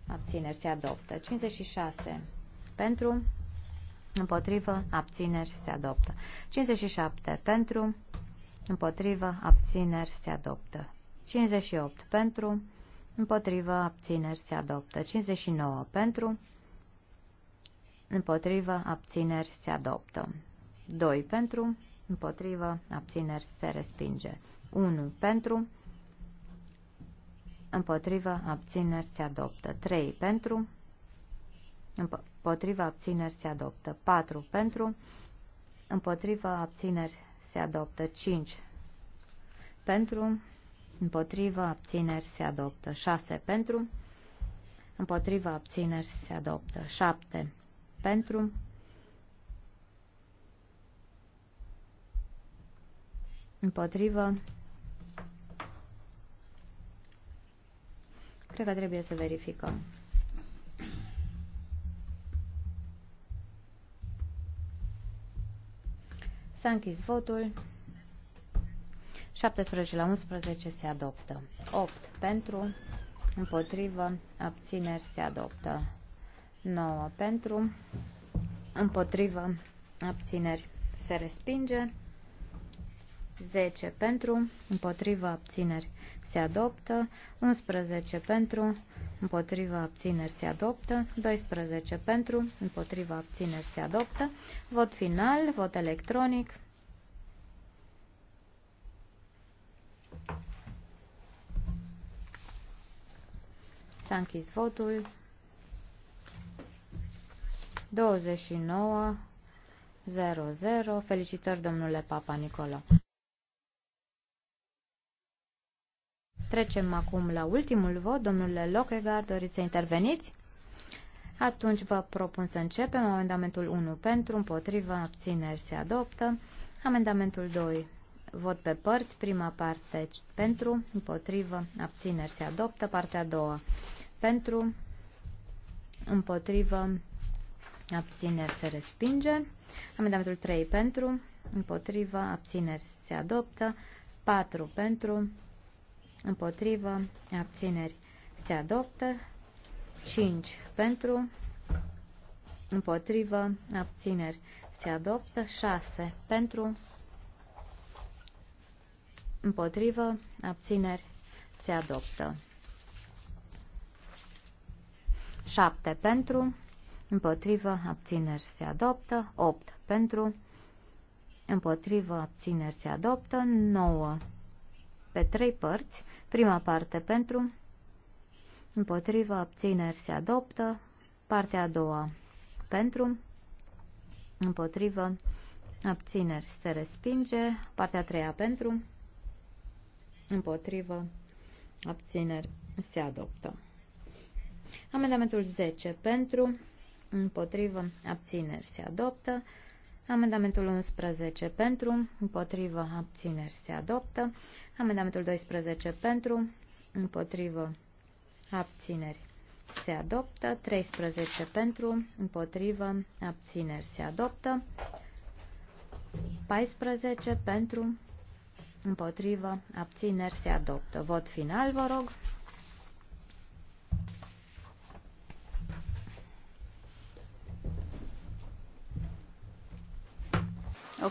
abțineri se adoptă. 56 pentru, împotrivă, abțineri se adoptă. 57 pentru, împotrivă, abțineri se adoptă. 58 pentru, împotrivă, abțineri se adoptă. 59 pentru, împotrivă, abțineri, se adoptă. 2 pentru, împotrivă, abțineri, se respinge. 1 pentru, împotrivă, abțineri, se adoptă. 3 pentru, împotrivă, abțineri, se adoptă. 4 pentru, împotrivă, abțineri, se adoptă. 5 pentru, împotrivă, abțineri, se adoptă. 6 pentru, împotrivă, abțineri, se adoptă. 7 pentru, împotrivă. Cred că trebuie să verificăm. S-a închis votul. 17 la 11 se adoptă. 8 pentru, împotrivă, abțineri se adoptă. 9 pentru, împotrivă, abțineri se respinge, 10 pentru, împotrivă, abțineri se adoptă, 11 pentru, împotriva abțineri se adoptă, 12 pentru, împotriva abțineri se adoptă, vot final, vot electronic. S-a închis votul. 29.00. 00. Felicitări, domnule Papa Nicolau. Trecem acum la ultimul vot. Domnule Lochegar, doriți să interveniți? Atunci vă propun să începem. Amendamentul 1 pentru, împotrivă, abțineri se adoptă. Amendamentul 2 vot pe părți. Prima parte pentru, împotrivă, abțineri se adoptă. Partea a doua pentru, împotrivă, abțineri se respinge. Amendamentul 3 pentru, împotrivă, abțineri se adoptă. 4 pentru, împotrivă, abțineri se adoptă. 5 pentru, împotrivă, abțineri se adoptă. 6 pentru, împotrivă, abțineri se adoptă. 7 pentru, împotrivă, abțineri se adoptă, 8 pentru, împotrivă, abțineri se adoptă, 9 pe 3 părți, prima parte pentru, împotrivă, abțineri se adoptă, partea a doua pentru, împotrivă, abțineri se respinge, partea a treia pentru, împotrivă, abțineri se adoptă. Amendamentul 10 pentru, împotrivă, abțineri se adoptă. Amendamentul 11 pentru, împotrivă, abțineri se adoptă. Amendamentul 12 pentru, împotrivă, abțineri se adoptă. 13 pentru, împotrivă, abțineri se adoptă. 14 pentru, împotrivă, abțineri se adoptă. Vot final, vă rog.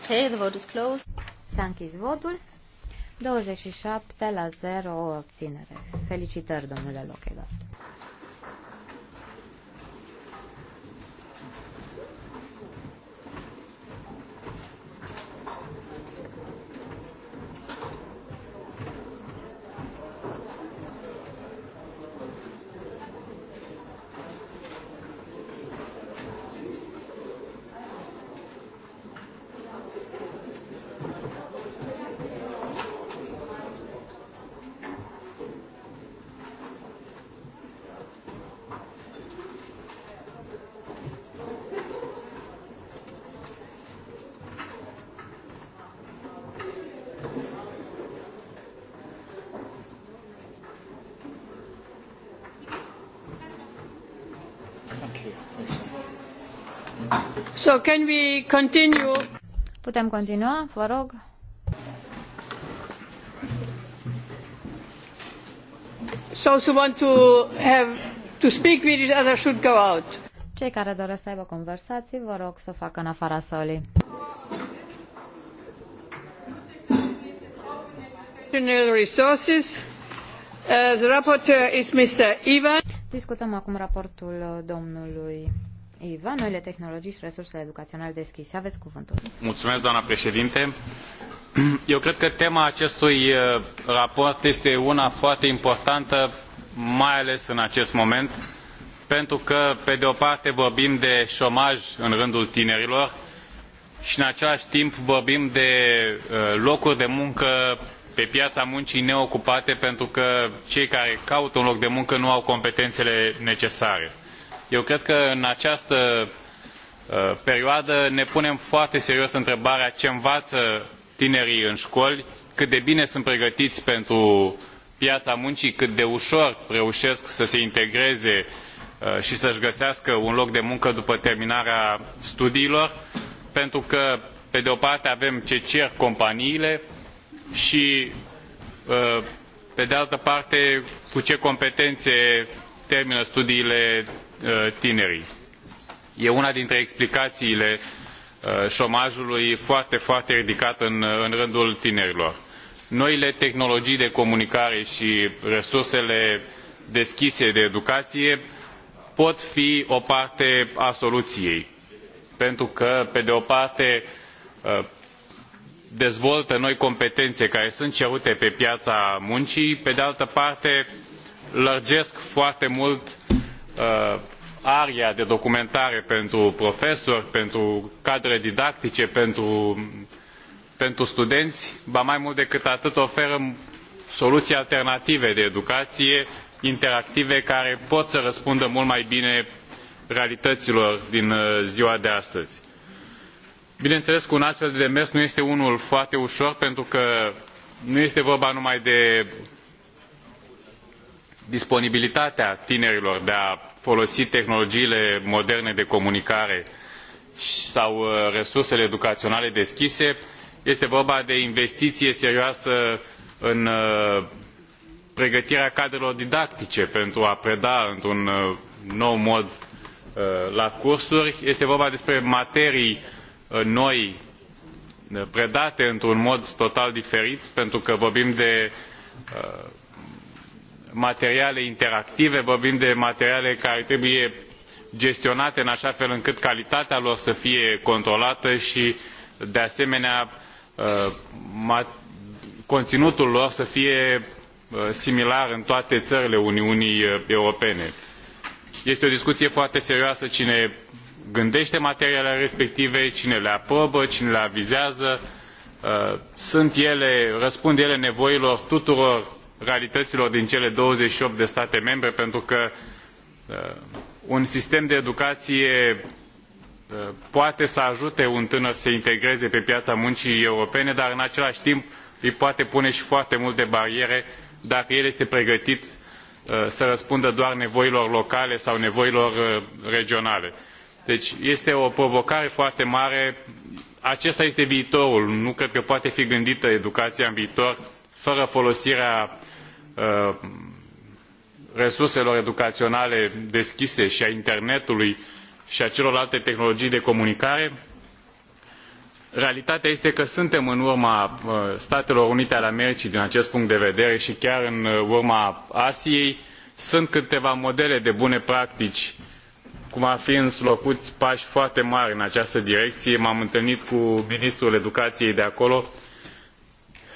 Okay, the vote is closed. S-a închis votul. 27 la 0 o obținere. Felicitări, domnule Lochegard. So can we continue? Putem continua, vă rog. who want to have to speak with each other should go out. Cei care doresc să aibă conversații, vă rog să o facă în afara sălii. Resources. Uh, rapporteur is Mr. Ivan. Discutăm acum raportul domnului IVA, noile tehnologii și resursele educaționale deschise. Aveți cuvântul. Mulțumesc, doamna președinte. Eu cred că tema acestui uh, raport este una foarte importantă, mai ales în acest moment, pentru că, pe de o parte, vorbim de șomaj în rândul tinerilor și, în același timp, vorbim de uh, locuri de muncă pe piața muncii neocupate pentru că cei care caută un loc de muncă nu au competențele necesare eu cred că în această uh, perioadă ne punem foarte serios întrebarea ce învață tinerii în școli cât de bine sunt pregătiți pentru piața muncii cât de ușor reușesc să se integreze uh, și să și găsească un loc de muncă după terminarea studiilor pentru că pe de o parte avem ce cer companiile și uh, pe de altă parte cu ce competențe termină studiile Uh, tinerii. e una dintre explicațiile uh, șomajului foarte foarte ridicat în, uh, în rândul tinerilor. noile tehnologii de comunicare și resursele deschise de educație pot fi o parte a soluției pentru că pe de o parte dezvoltă noi competențe care sunt cerute pe piața muncii pe de altă parte lărgesc foarte mult aria de documentare pentru profesori pentru cadre didactice pentru, pentru studenți ba mai mult decât atât oferă soluții alternative de educație interactive care pot să răspundă mult mai bine realităților din uh, ziua de astăzi. bineînțeles că un astfel de demers nu este unul foarte ușor pentru că nu este vorba numai de disponibilitatea tinerilor de a folosi tehnologiile moderne de comunicare sau uh, resursele educaționale deschise este vorba de investiție serioasă în uh, pregătirea cadrelor didactice pentru a preda într un uh, nou mod la cursuri este vorba despre materii noi predate într un mod total diferit pentru că vorbim de materiale interactive vorbim de materiale care trebuie gestionate în așa fel încât calitatea lor să fie controlată și de asemenea uh, conținutul lor să fie uh, similar în toate țările uniunii uh, europene. este o discuție foarte serioasă cine gândește materialele respective cine le aprobă cine le avizează sunt ele, răspund ele nevoilor tuturor realităților din cele douăzeci și opt de state membre pentru că uh, un sistem de educație uh, poate să ajute un tânăr să se integreze pe piața muncii europene dar în același timp îi poate pune și foarte multe bariere dacă el este pregătit uh, să răspundă doar nevoilor locale sau nevoilor regionale. deci este o provocare foarte mare acesta este viitorul nu cred că poate fi gândită educația în viitor fără folosirea Uh, resurselor educaționale deschise și a internetului și a celorlalte tehnologii de comunicare realitatea este că suntem în urma uh, statelor unite ale americii din acest punct de vedere și chiar în uh, urma asiei sunt câteva modele de bune practici cum ar fi însoțiți pai foarte mari în această direcție m am întâlnit cu ministrul educației de acolo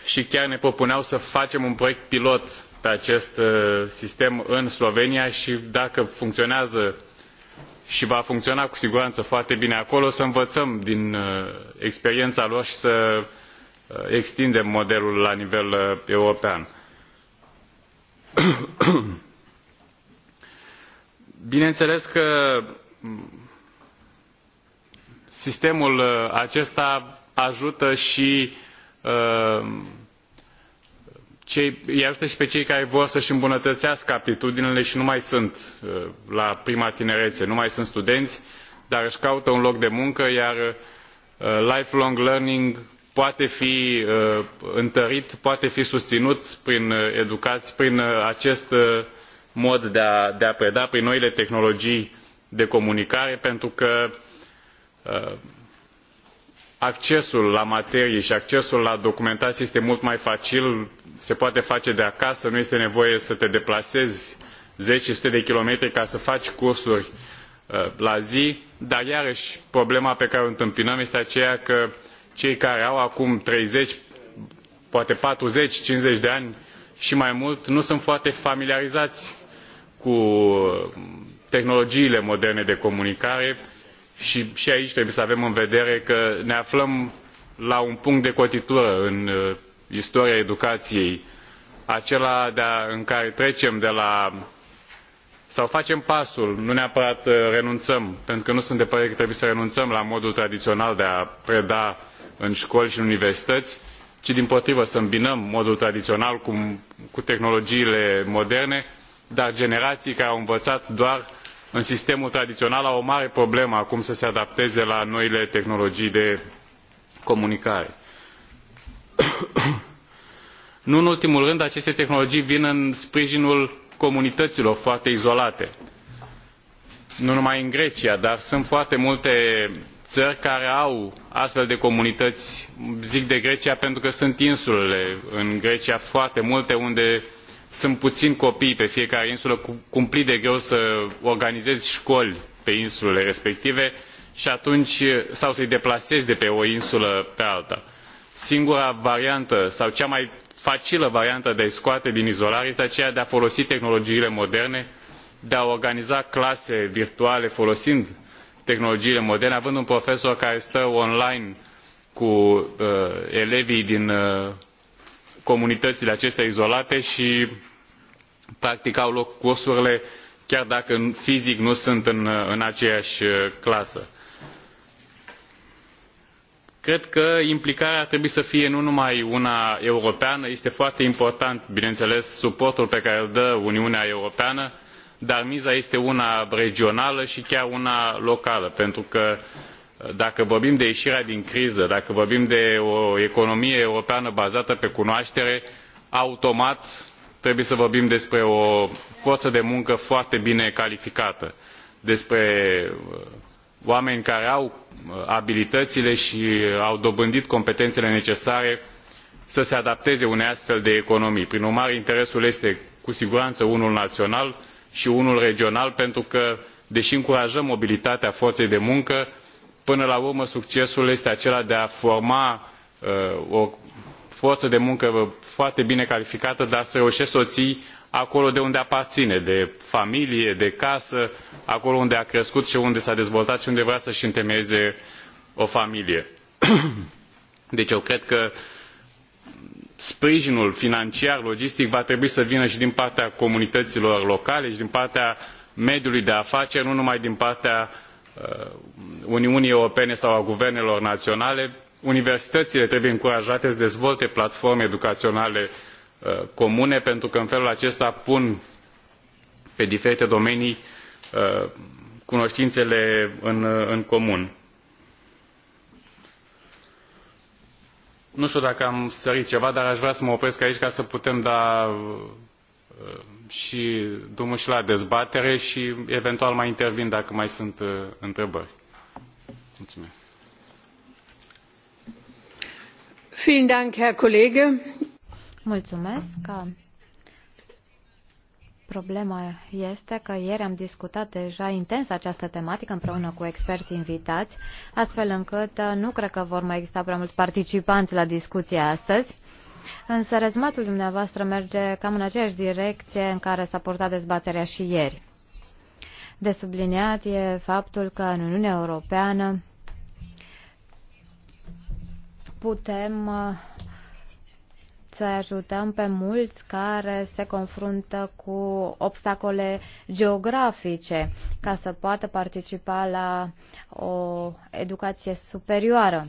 și chiar ne propuneau să facem un proiect pilot pe acest uh, sistem în Slovenia și dacă funcționează și va funcționa cu siguranță foarte bine acolo, să învățăm din uh, experiența lor și să uh, extindem modelul la nivel european. Bineînțeles că sistemul acesta ajută și cei, îi ajută și pe cei care vor să-și îmbunătățească aptitudinile și nu mai sunt uh, la prima tineree nu mai sunt studenți, dar îi caută un loc de muncă, iar uh, lifelong learning poate fi uh, întărit, poate fi susținut prin educați, prin acest mod de a, de a preda, prin noile tehnologii de comunicare, pentru că accesul la materii și accesul la documentație este mult mai facil, se poate face de acasă, nu este nevoie să te deplasezi zeci sute de kilometri ca să faci cursuri uh, la zi, dar iarăși problema pe care o întâmpinăm este aceea că cei care au acum 30, poate 40, 50 de ani și mai mult nu sunt foarte familiarizați cu uh, tehnologiile moderne de comunicare și, și aici trebuie să avem în vedere că ne aflăm la un punct de cotitură în uh, istoria educației acela a, în care trecem de la sau facem pasul nu neapărat uh, renunțăm pentru că nu sunt de părere că trebuie să renunțăm la modul tradițional de a preda în școli și în universități ci din potrivă să îmbinăm modul tradițional cu, cu tehnologiile moderne dar generații care au învățat doar în sistemul tradițional au o mare problemă acum să se adapteze la noile tehnologii de comunicare. nu în ultimul rând aceste tehnologii vin în sprijinul comunităților foarte izolate nu numai în grecia dar sunt foarte multe țări care au astfel de comunități zic de grecia pentru că sunt insulele în grecia foarte multe unde sunt puțini copii pe fiecare insulă cumplit de greu să organizezi școli pe insulele respective și atunci sau să i deplasezi de pe o insulă pe alta. singura variantă sau cea mai facilă variantă de a i scoate din izolare este aceea de a folosi tehnologiile moderne de a organiza clase virtuale folosind tehnologiile moderne având un profesor care stă online cu uh, elevii din uh, comunitățile acestea izolate și practic au loc cursurile chiar dacă fizic nu sunt în, în aceeași uh, clasă. Cred că implicarea ar trebui să fie nu numai una europeană, este foarte important, bineînțeles, suportul pe care îl dă Uniunea Europeană, dar miza este una regională și chiar una locală, pentru că uh, dacă vorbim de ieșirea din criză dacă vorbim de o economie europeană bazată pe cunoaștere automat trebuie să vorbim despre o forță de muncă foarte bine calificată despre uh, oameni care au uh, abilitățile și uh, au dobândit competențele necesare să se adapteze unei astfel de economii. prin urmare interesul este cu siguranță unul național și unul regional pentru că deși încurajăm mobilitatea forței de muncă până la urmă succesul este acela de a forma uh, o forță de muncă foarte bine calificată dar să reușești să o ții acolo de unde aparține de familie de casă acolo unde a crescut și unde s a dezvoltat și unde vrea să și întemeieze o familie. deci eu cred că sprijinul financiar logistic va trebui să vină și din partea comunităților locale și din partea mediului de afaceri nu numai din partea Uh, uniunii europene sau a guvernelor naționale universitățile trebuie încurajate să dezvolte platforme educaționale uh, comune pentru că în felul acesta pun pe diferite domenii uh, cunoștințele în, comun. Nu știu dacă am sărit ceva, dar a vrea să mă opresc aici ca să putem da și drumul și la dezbatere și eventual mai intervin dacă mai sunt uh, întrebări. Mulțumesc. Mulțumesc. Problema este că ieri am discutat deja intens această tematică împreună cu experți invitați, astfel încât uh, nu cred că vor mai exista prea mulți participanți la discuția astăzi însă răzmatul dumneavoastră merge cam în aceeași direcție în care s-a purtat dezbaterea și ieri. De subliniat e faptul că în Uniunea Europeană putem uh, să ajutăm pe mulți care se confruntă cu obstacole geografice ca să poată participa la o educație superioară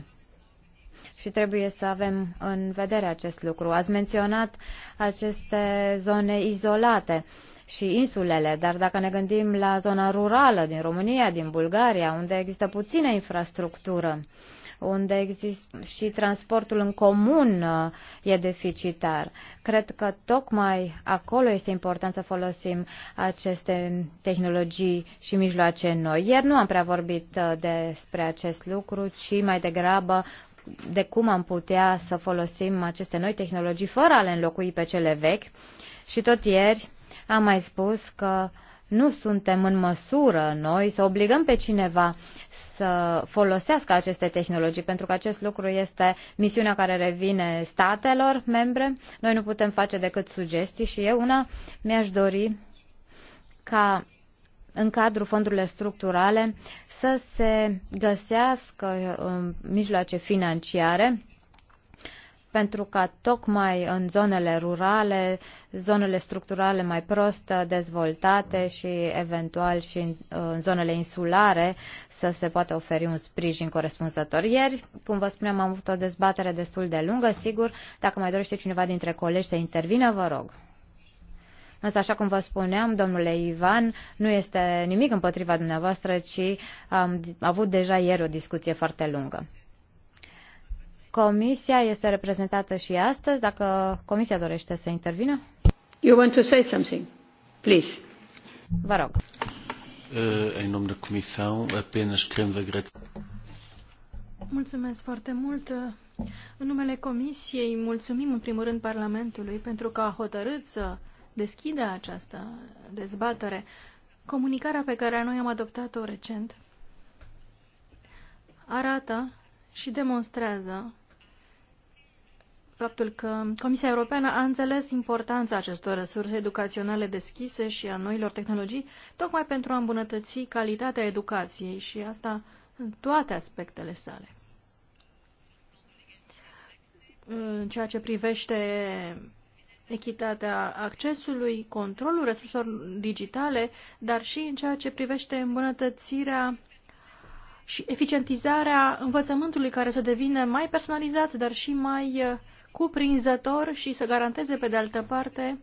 și trebuie să avem în vedere acest lucru. Ați menționat aceste zone izolate și insulele, dar dacă ne gândim la zona rurală din România, din Bulgaria, unde există puțină infrastructură, unde există și transportul în comun uh, e deficitar. Cred că tocmai acolo este important să folosim aceste tehnologii și mijloace noi. Iar nu am prea vorbit uh, despre acest lucru, ci mai degrabă de cum am putea să folosim aceste noi tehnologii fără a le înlocui pe cele vechi. Și tot ieri am mai spus că nu suntem în măsură noi să obligăm pe cineva să folosească aceste tehnologii, pentru că acest lucru este misiunea care revine statelor membre. Noi nu putem face decât sugestii și eu una mi-aș dori ca în cadrul fondurilor structurale să se găsească um, mijloace financiare pentru ca tocmai în zonele rurale, zonele structurale mai prost dezvoltate și eventual și în, în zonele insulare să se poată oferi un sprijin corespunzător. Ieri, cum vă spuneam, am avut o dezbatere destul de lungă, sigur, dacă mai dorește cineva dintre colegi să intervină, vă rog. Însă, așa cum vă spuneam, domnule Ivan, nu este nimic împotriva dumneavoastră, ci am avut deja ieri o discuție foarte lungă. Comisia este reprezentată și astăzi. Dacă comisia dorește să intervină? You want to say something? Please. Vă rog. În eh, nume de da comisião, apenas queremos agradecer. Mulțumesc foarte mult. În numele Comisiei, mulțumim în primul rând Parlamentului pentru că a hotărât să deschide această dezbatere. Comunicarea pe care noi am adoptat-o recent arată și demonstrează faptul că Comisia Europeană a înțeles importanța acestor resurse educaționale deschise și a noilor tehnologii, tocmai pentru a îmbunătăți calitatea educației și asta în toate aspectele sale. În ceea ce privește echitatea accesului, controlul resurselor digitale, dar și în ceea ce privește îmbunătățirea și eficientizarea învățământului care să devină mai personalizat, dar și mai uh, cuprinzător și să garanteze, pe de altă parte,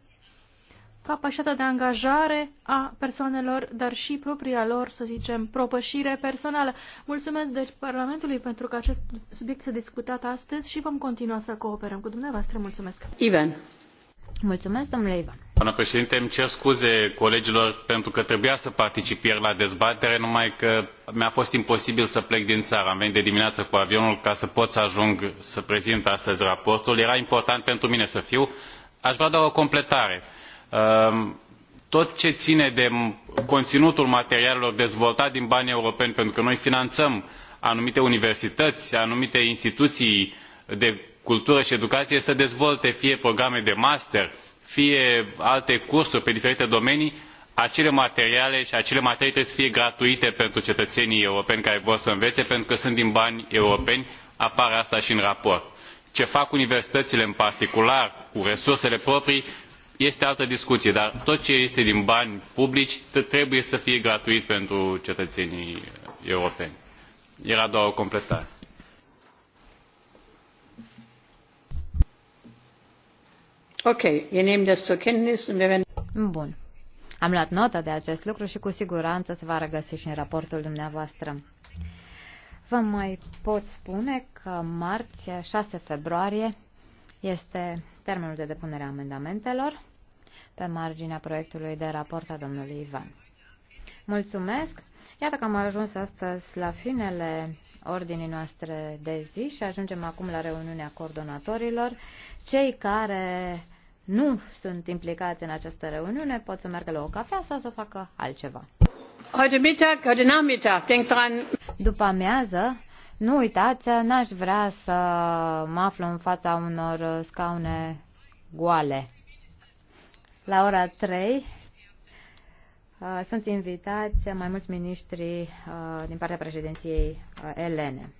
capacitatea de angajare a persoanelor, dar și propria lor, să zicem, propășire personală. Mulțumesc, deci, Parlamentului pentru că acest subiect s-a discutat astăzi și vom continua să cooperăm cu dumneavoastră. Mulțumesc! Ivan. Mulțumesc, domnule Ivan. Doamnă președinte, îmi cer scuze colegilor pentru că trebuia să particip ieri la dezbatere, numai că mi-a fost imposibil să plec din țară. Am venit de dimineață cu avionul ca să pot să ajung să prezint astăzi raportul. Era important pentru mine să fiu. Aș vrea doar o completare. Ehm, tot ce ține de conținutul materialelor dezvoltat din banii europeni, pentru că noi finanțăm anumite universități, anumite instituții de cultură și educație să dezvolte fie programe de master, fie alte cursuri pe diferite domenii, acele materiale și acele materii trebuie să fie gratuite pentru cetățenii europeni care vor să învețe, pentru că sunt din bani europeni, apare asta și în raport. Ce fac universitățile în particular cu resursele proprii este altă discuție, dar tot ce este din bani publici trebuie să fie gratuit pentru cetățenii europeni. Era doar o completare. Ok, wir nehmen das zur Kenntnis Bun. Am luat notă de acest lucru și cu siguranță se va regăsi și în raportul dumneavoastră. Vă mai pot spune că marți, 6 februarie, este termenul de depunere a amendamentelor pe marginea proiectului de raport a domnului Ivan. Mulțumesc! Iată că am ajuns astăzi la finele ordinii noastre de zi și ajungem acum la reuniunea coordonatorilor. Cei care nu sunt implicați în această reuniune pot să meargă la o cafea sau să facă altceva. Heute Mittag, heute Nachmittag, dran. După amiază, nu uitați, n-aș vrea să mă aflu în fața unor scaune goale. La ora 3 Uh, sunt invitați mai mulți miniștri uh, din partea președinției uh, elene.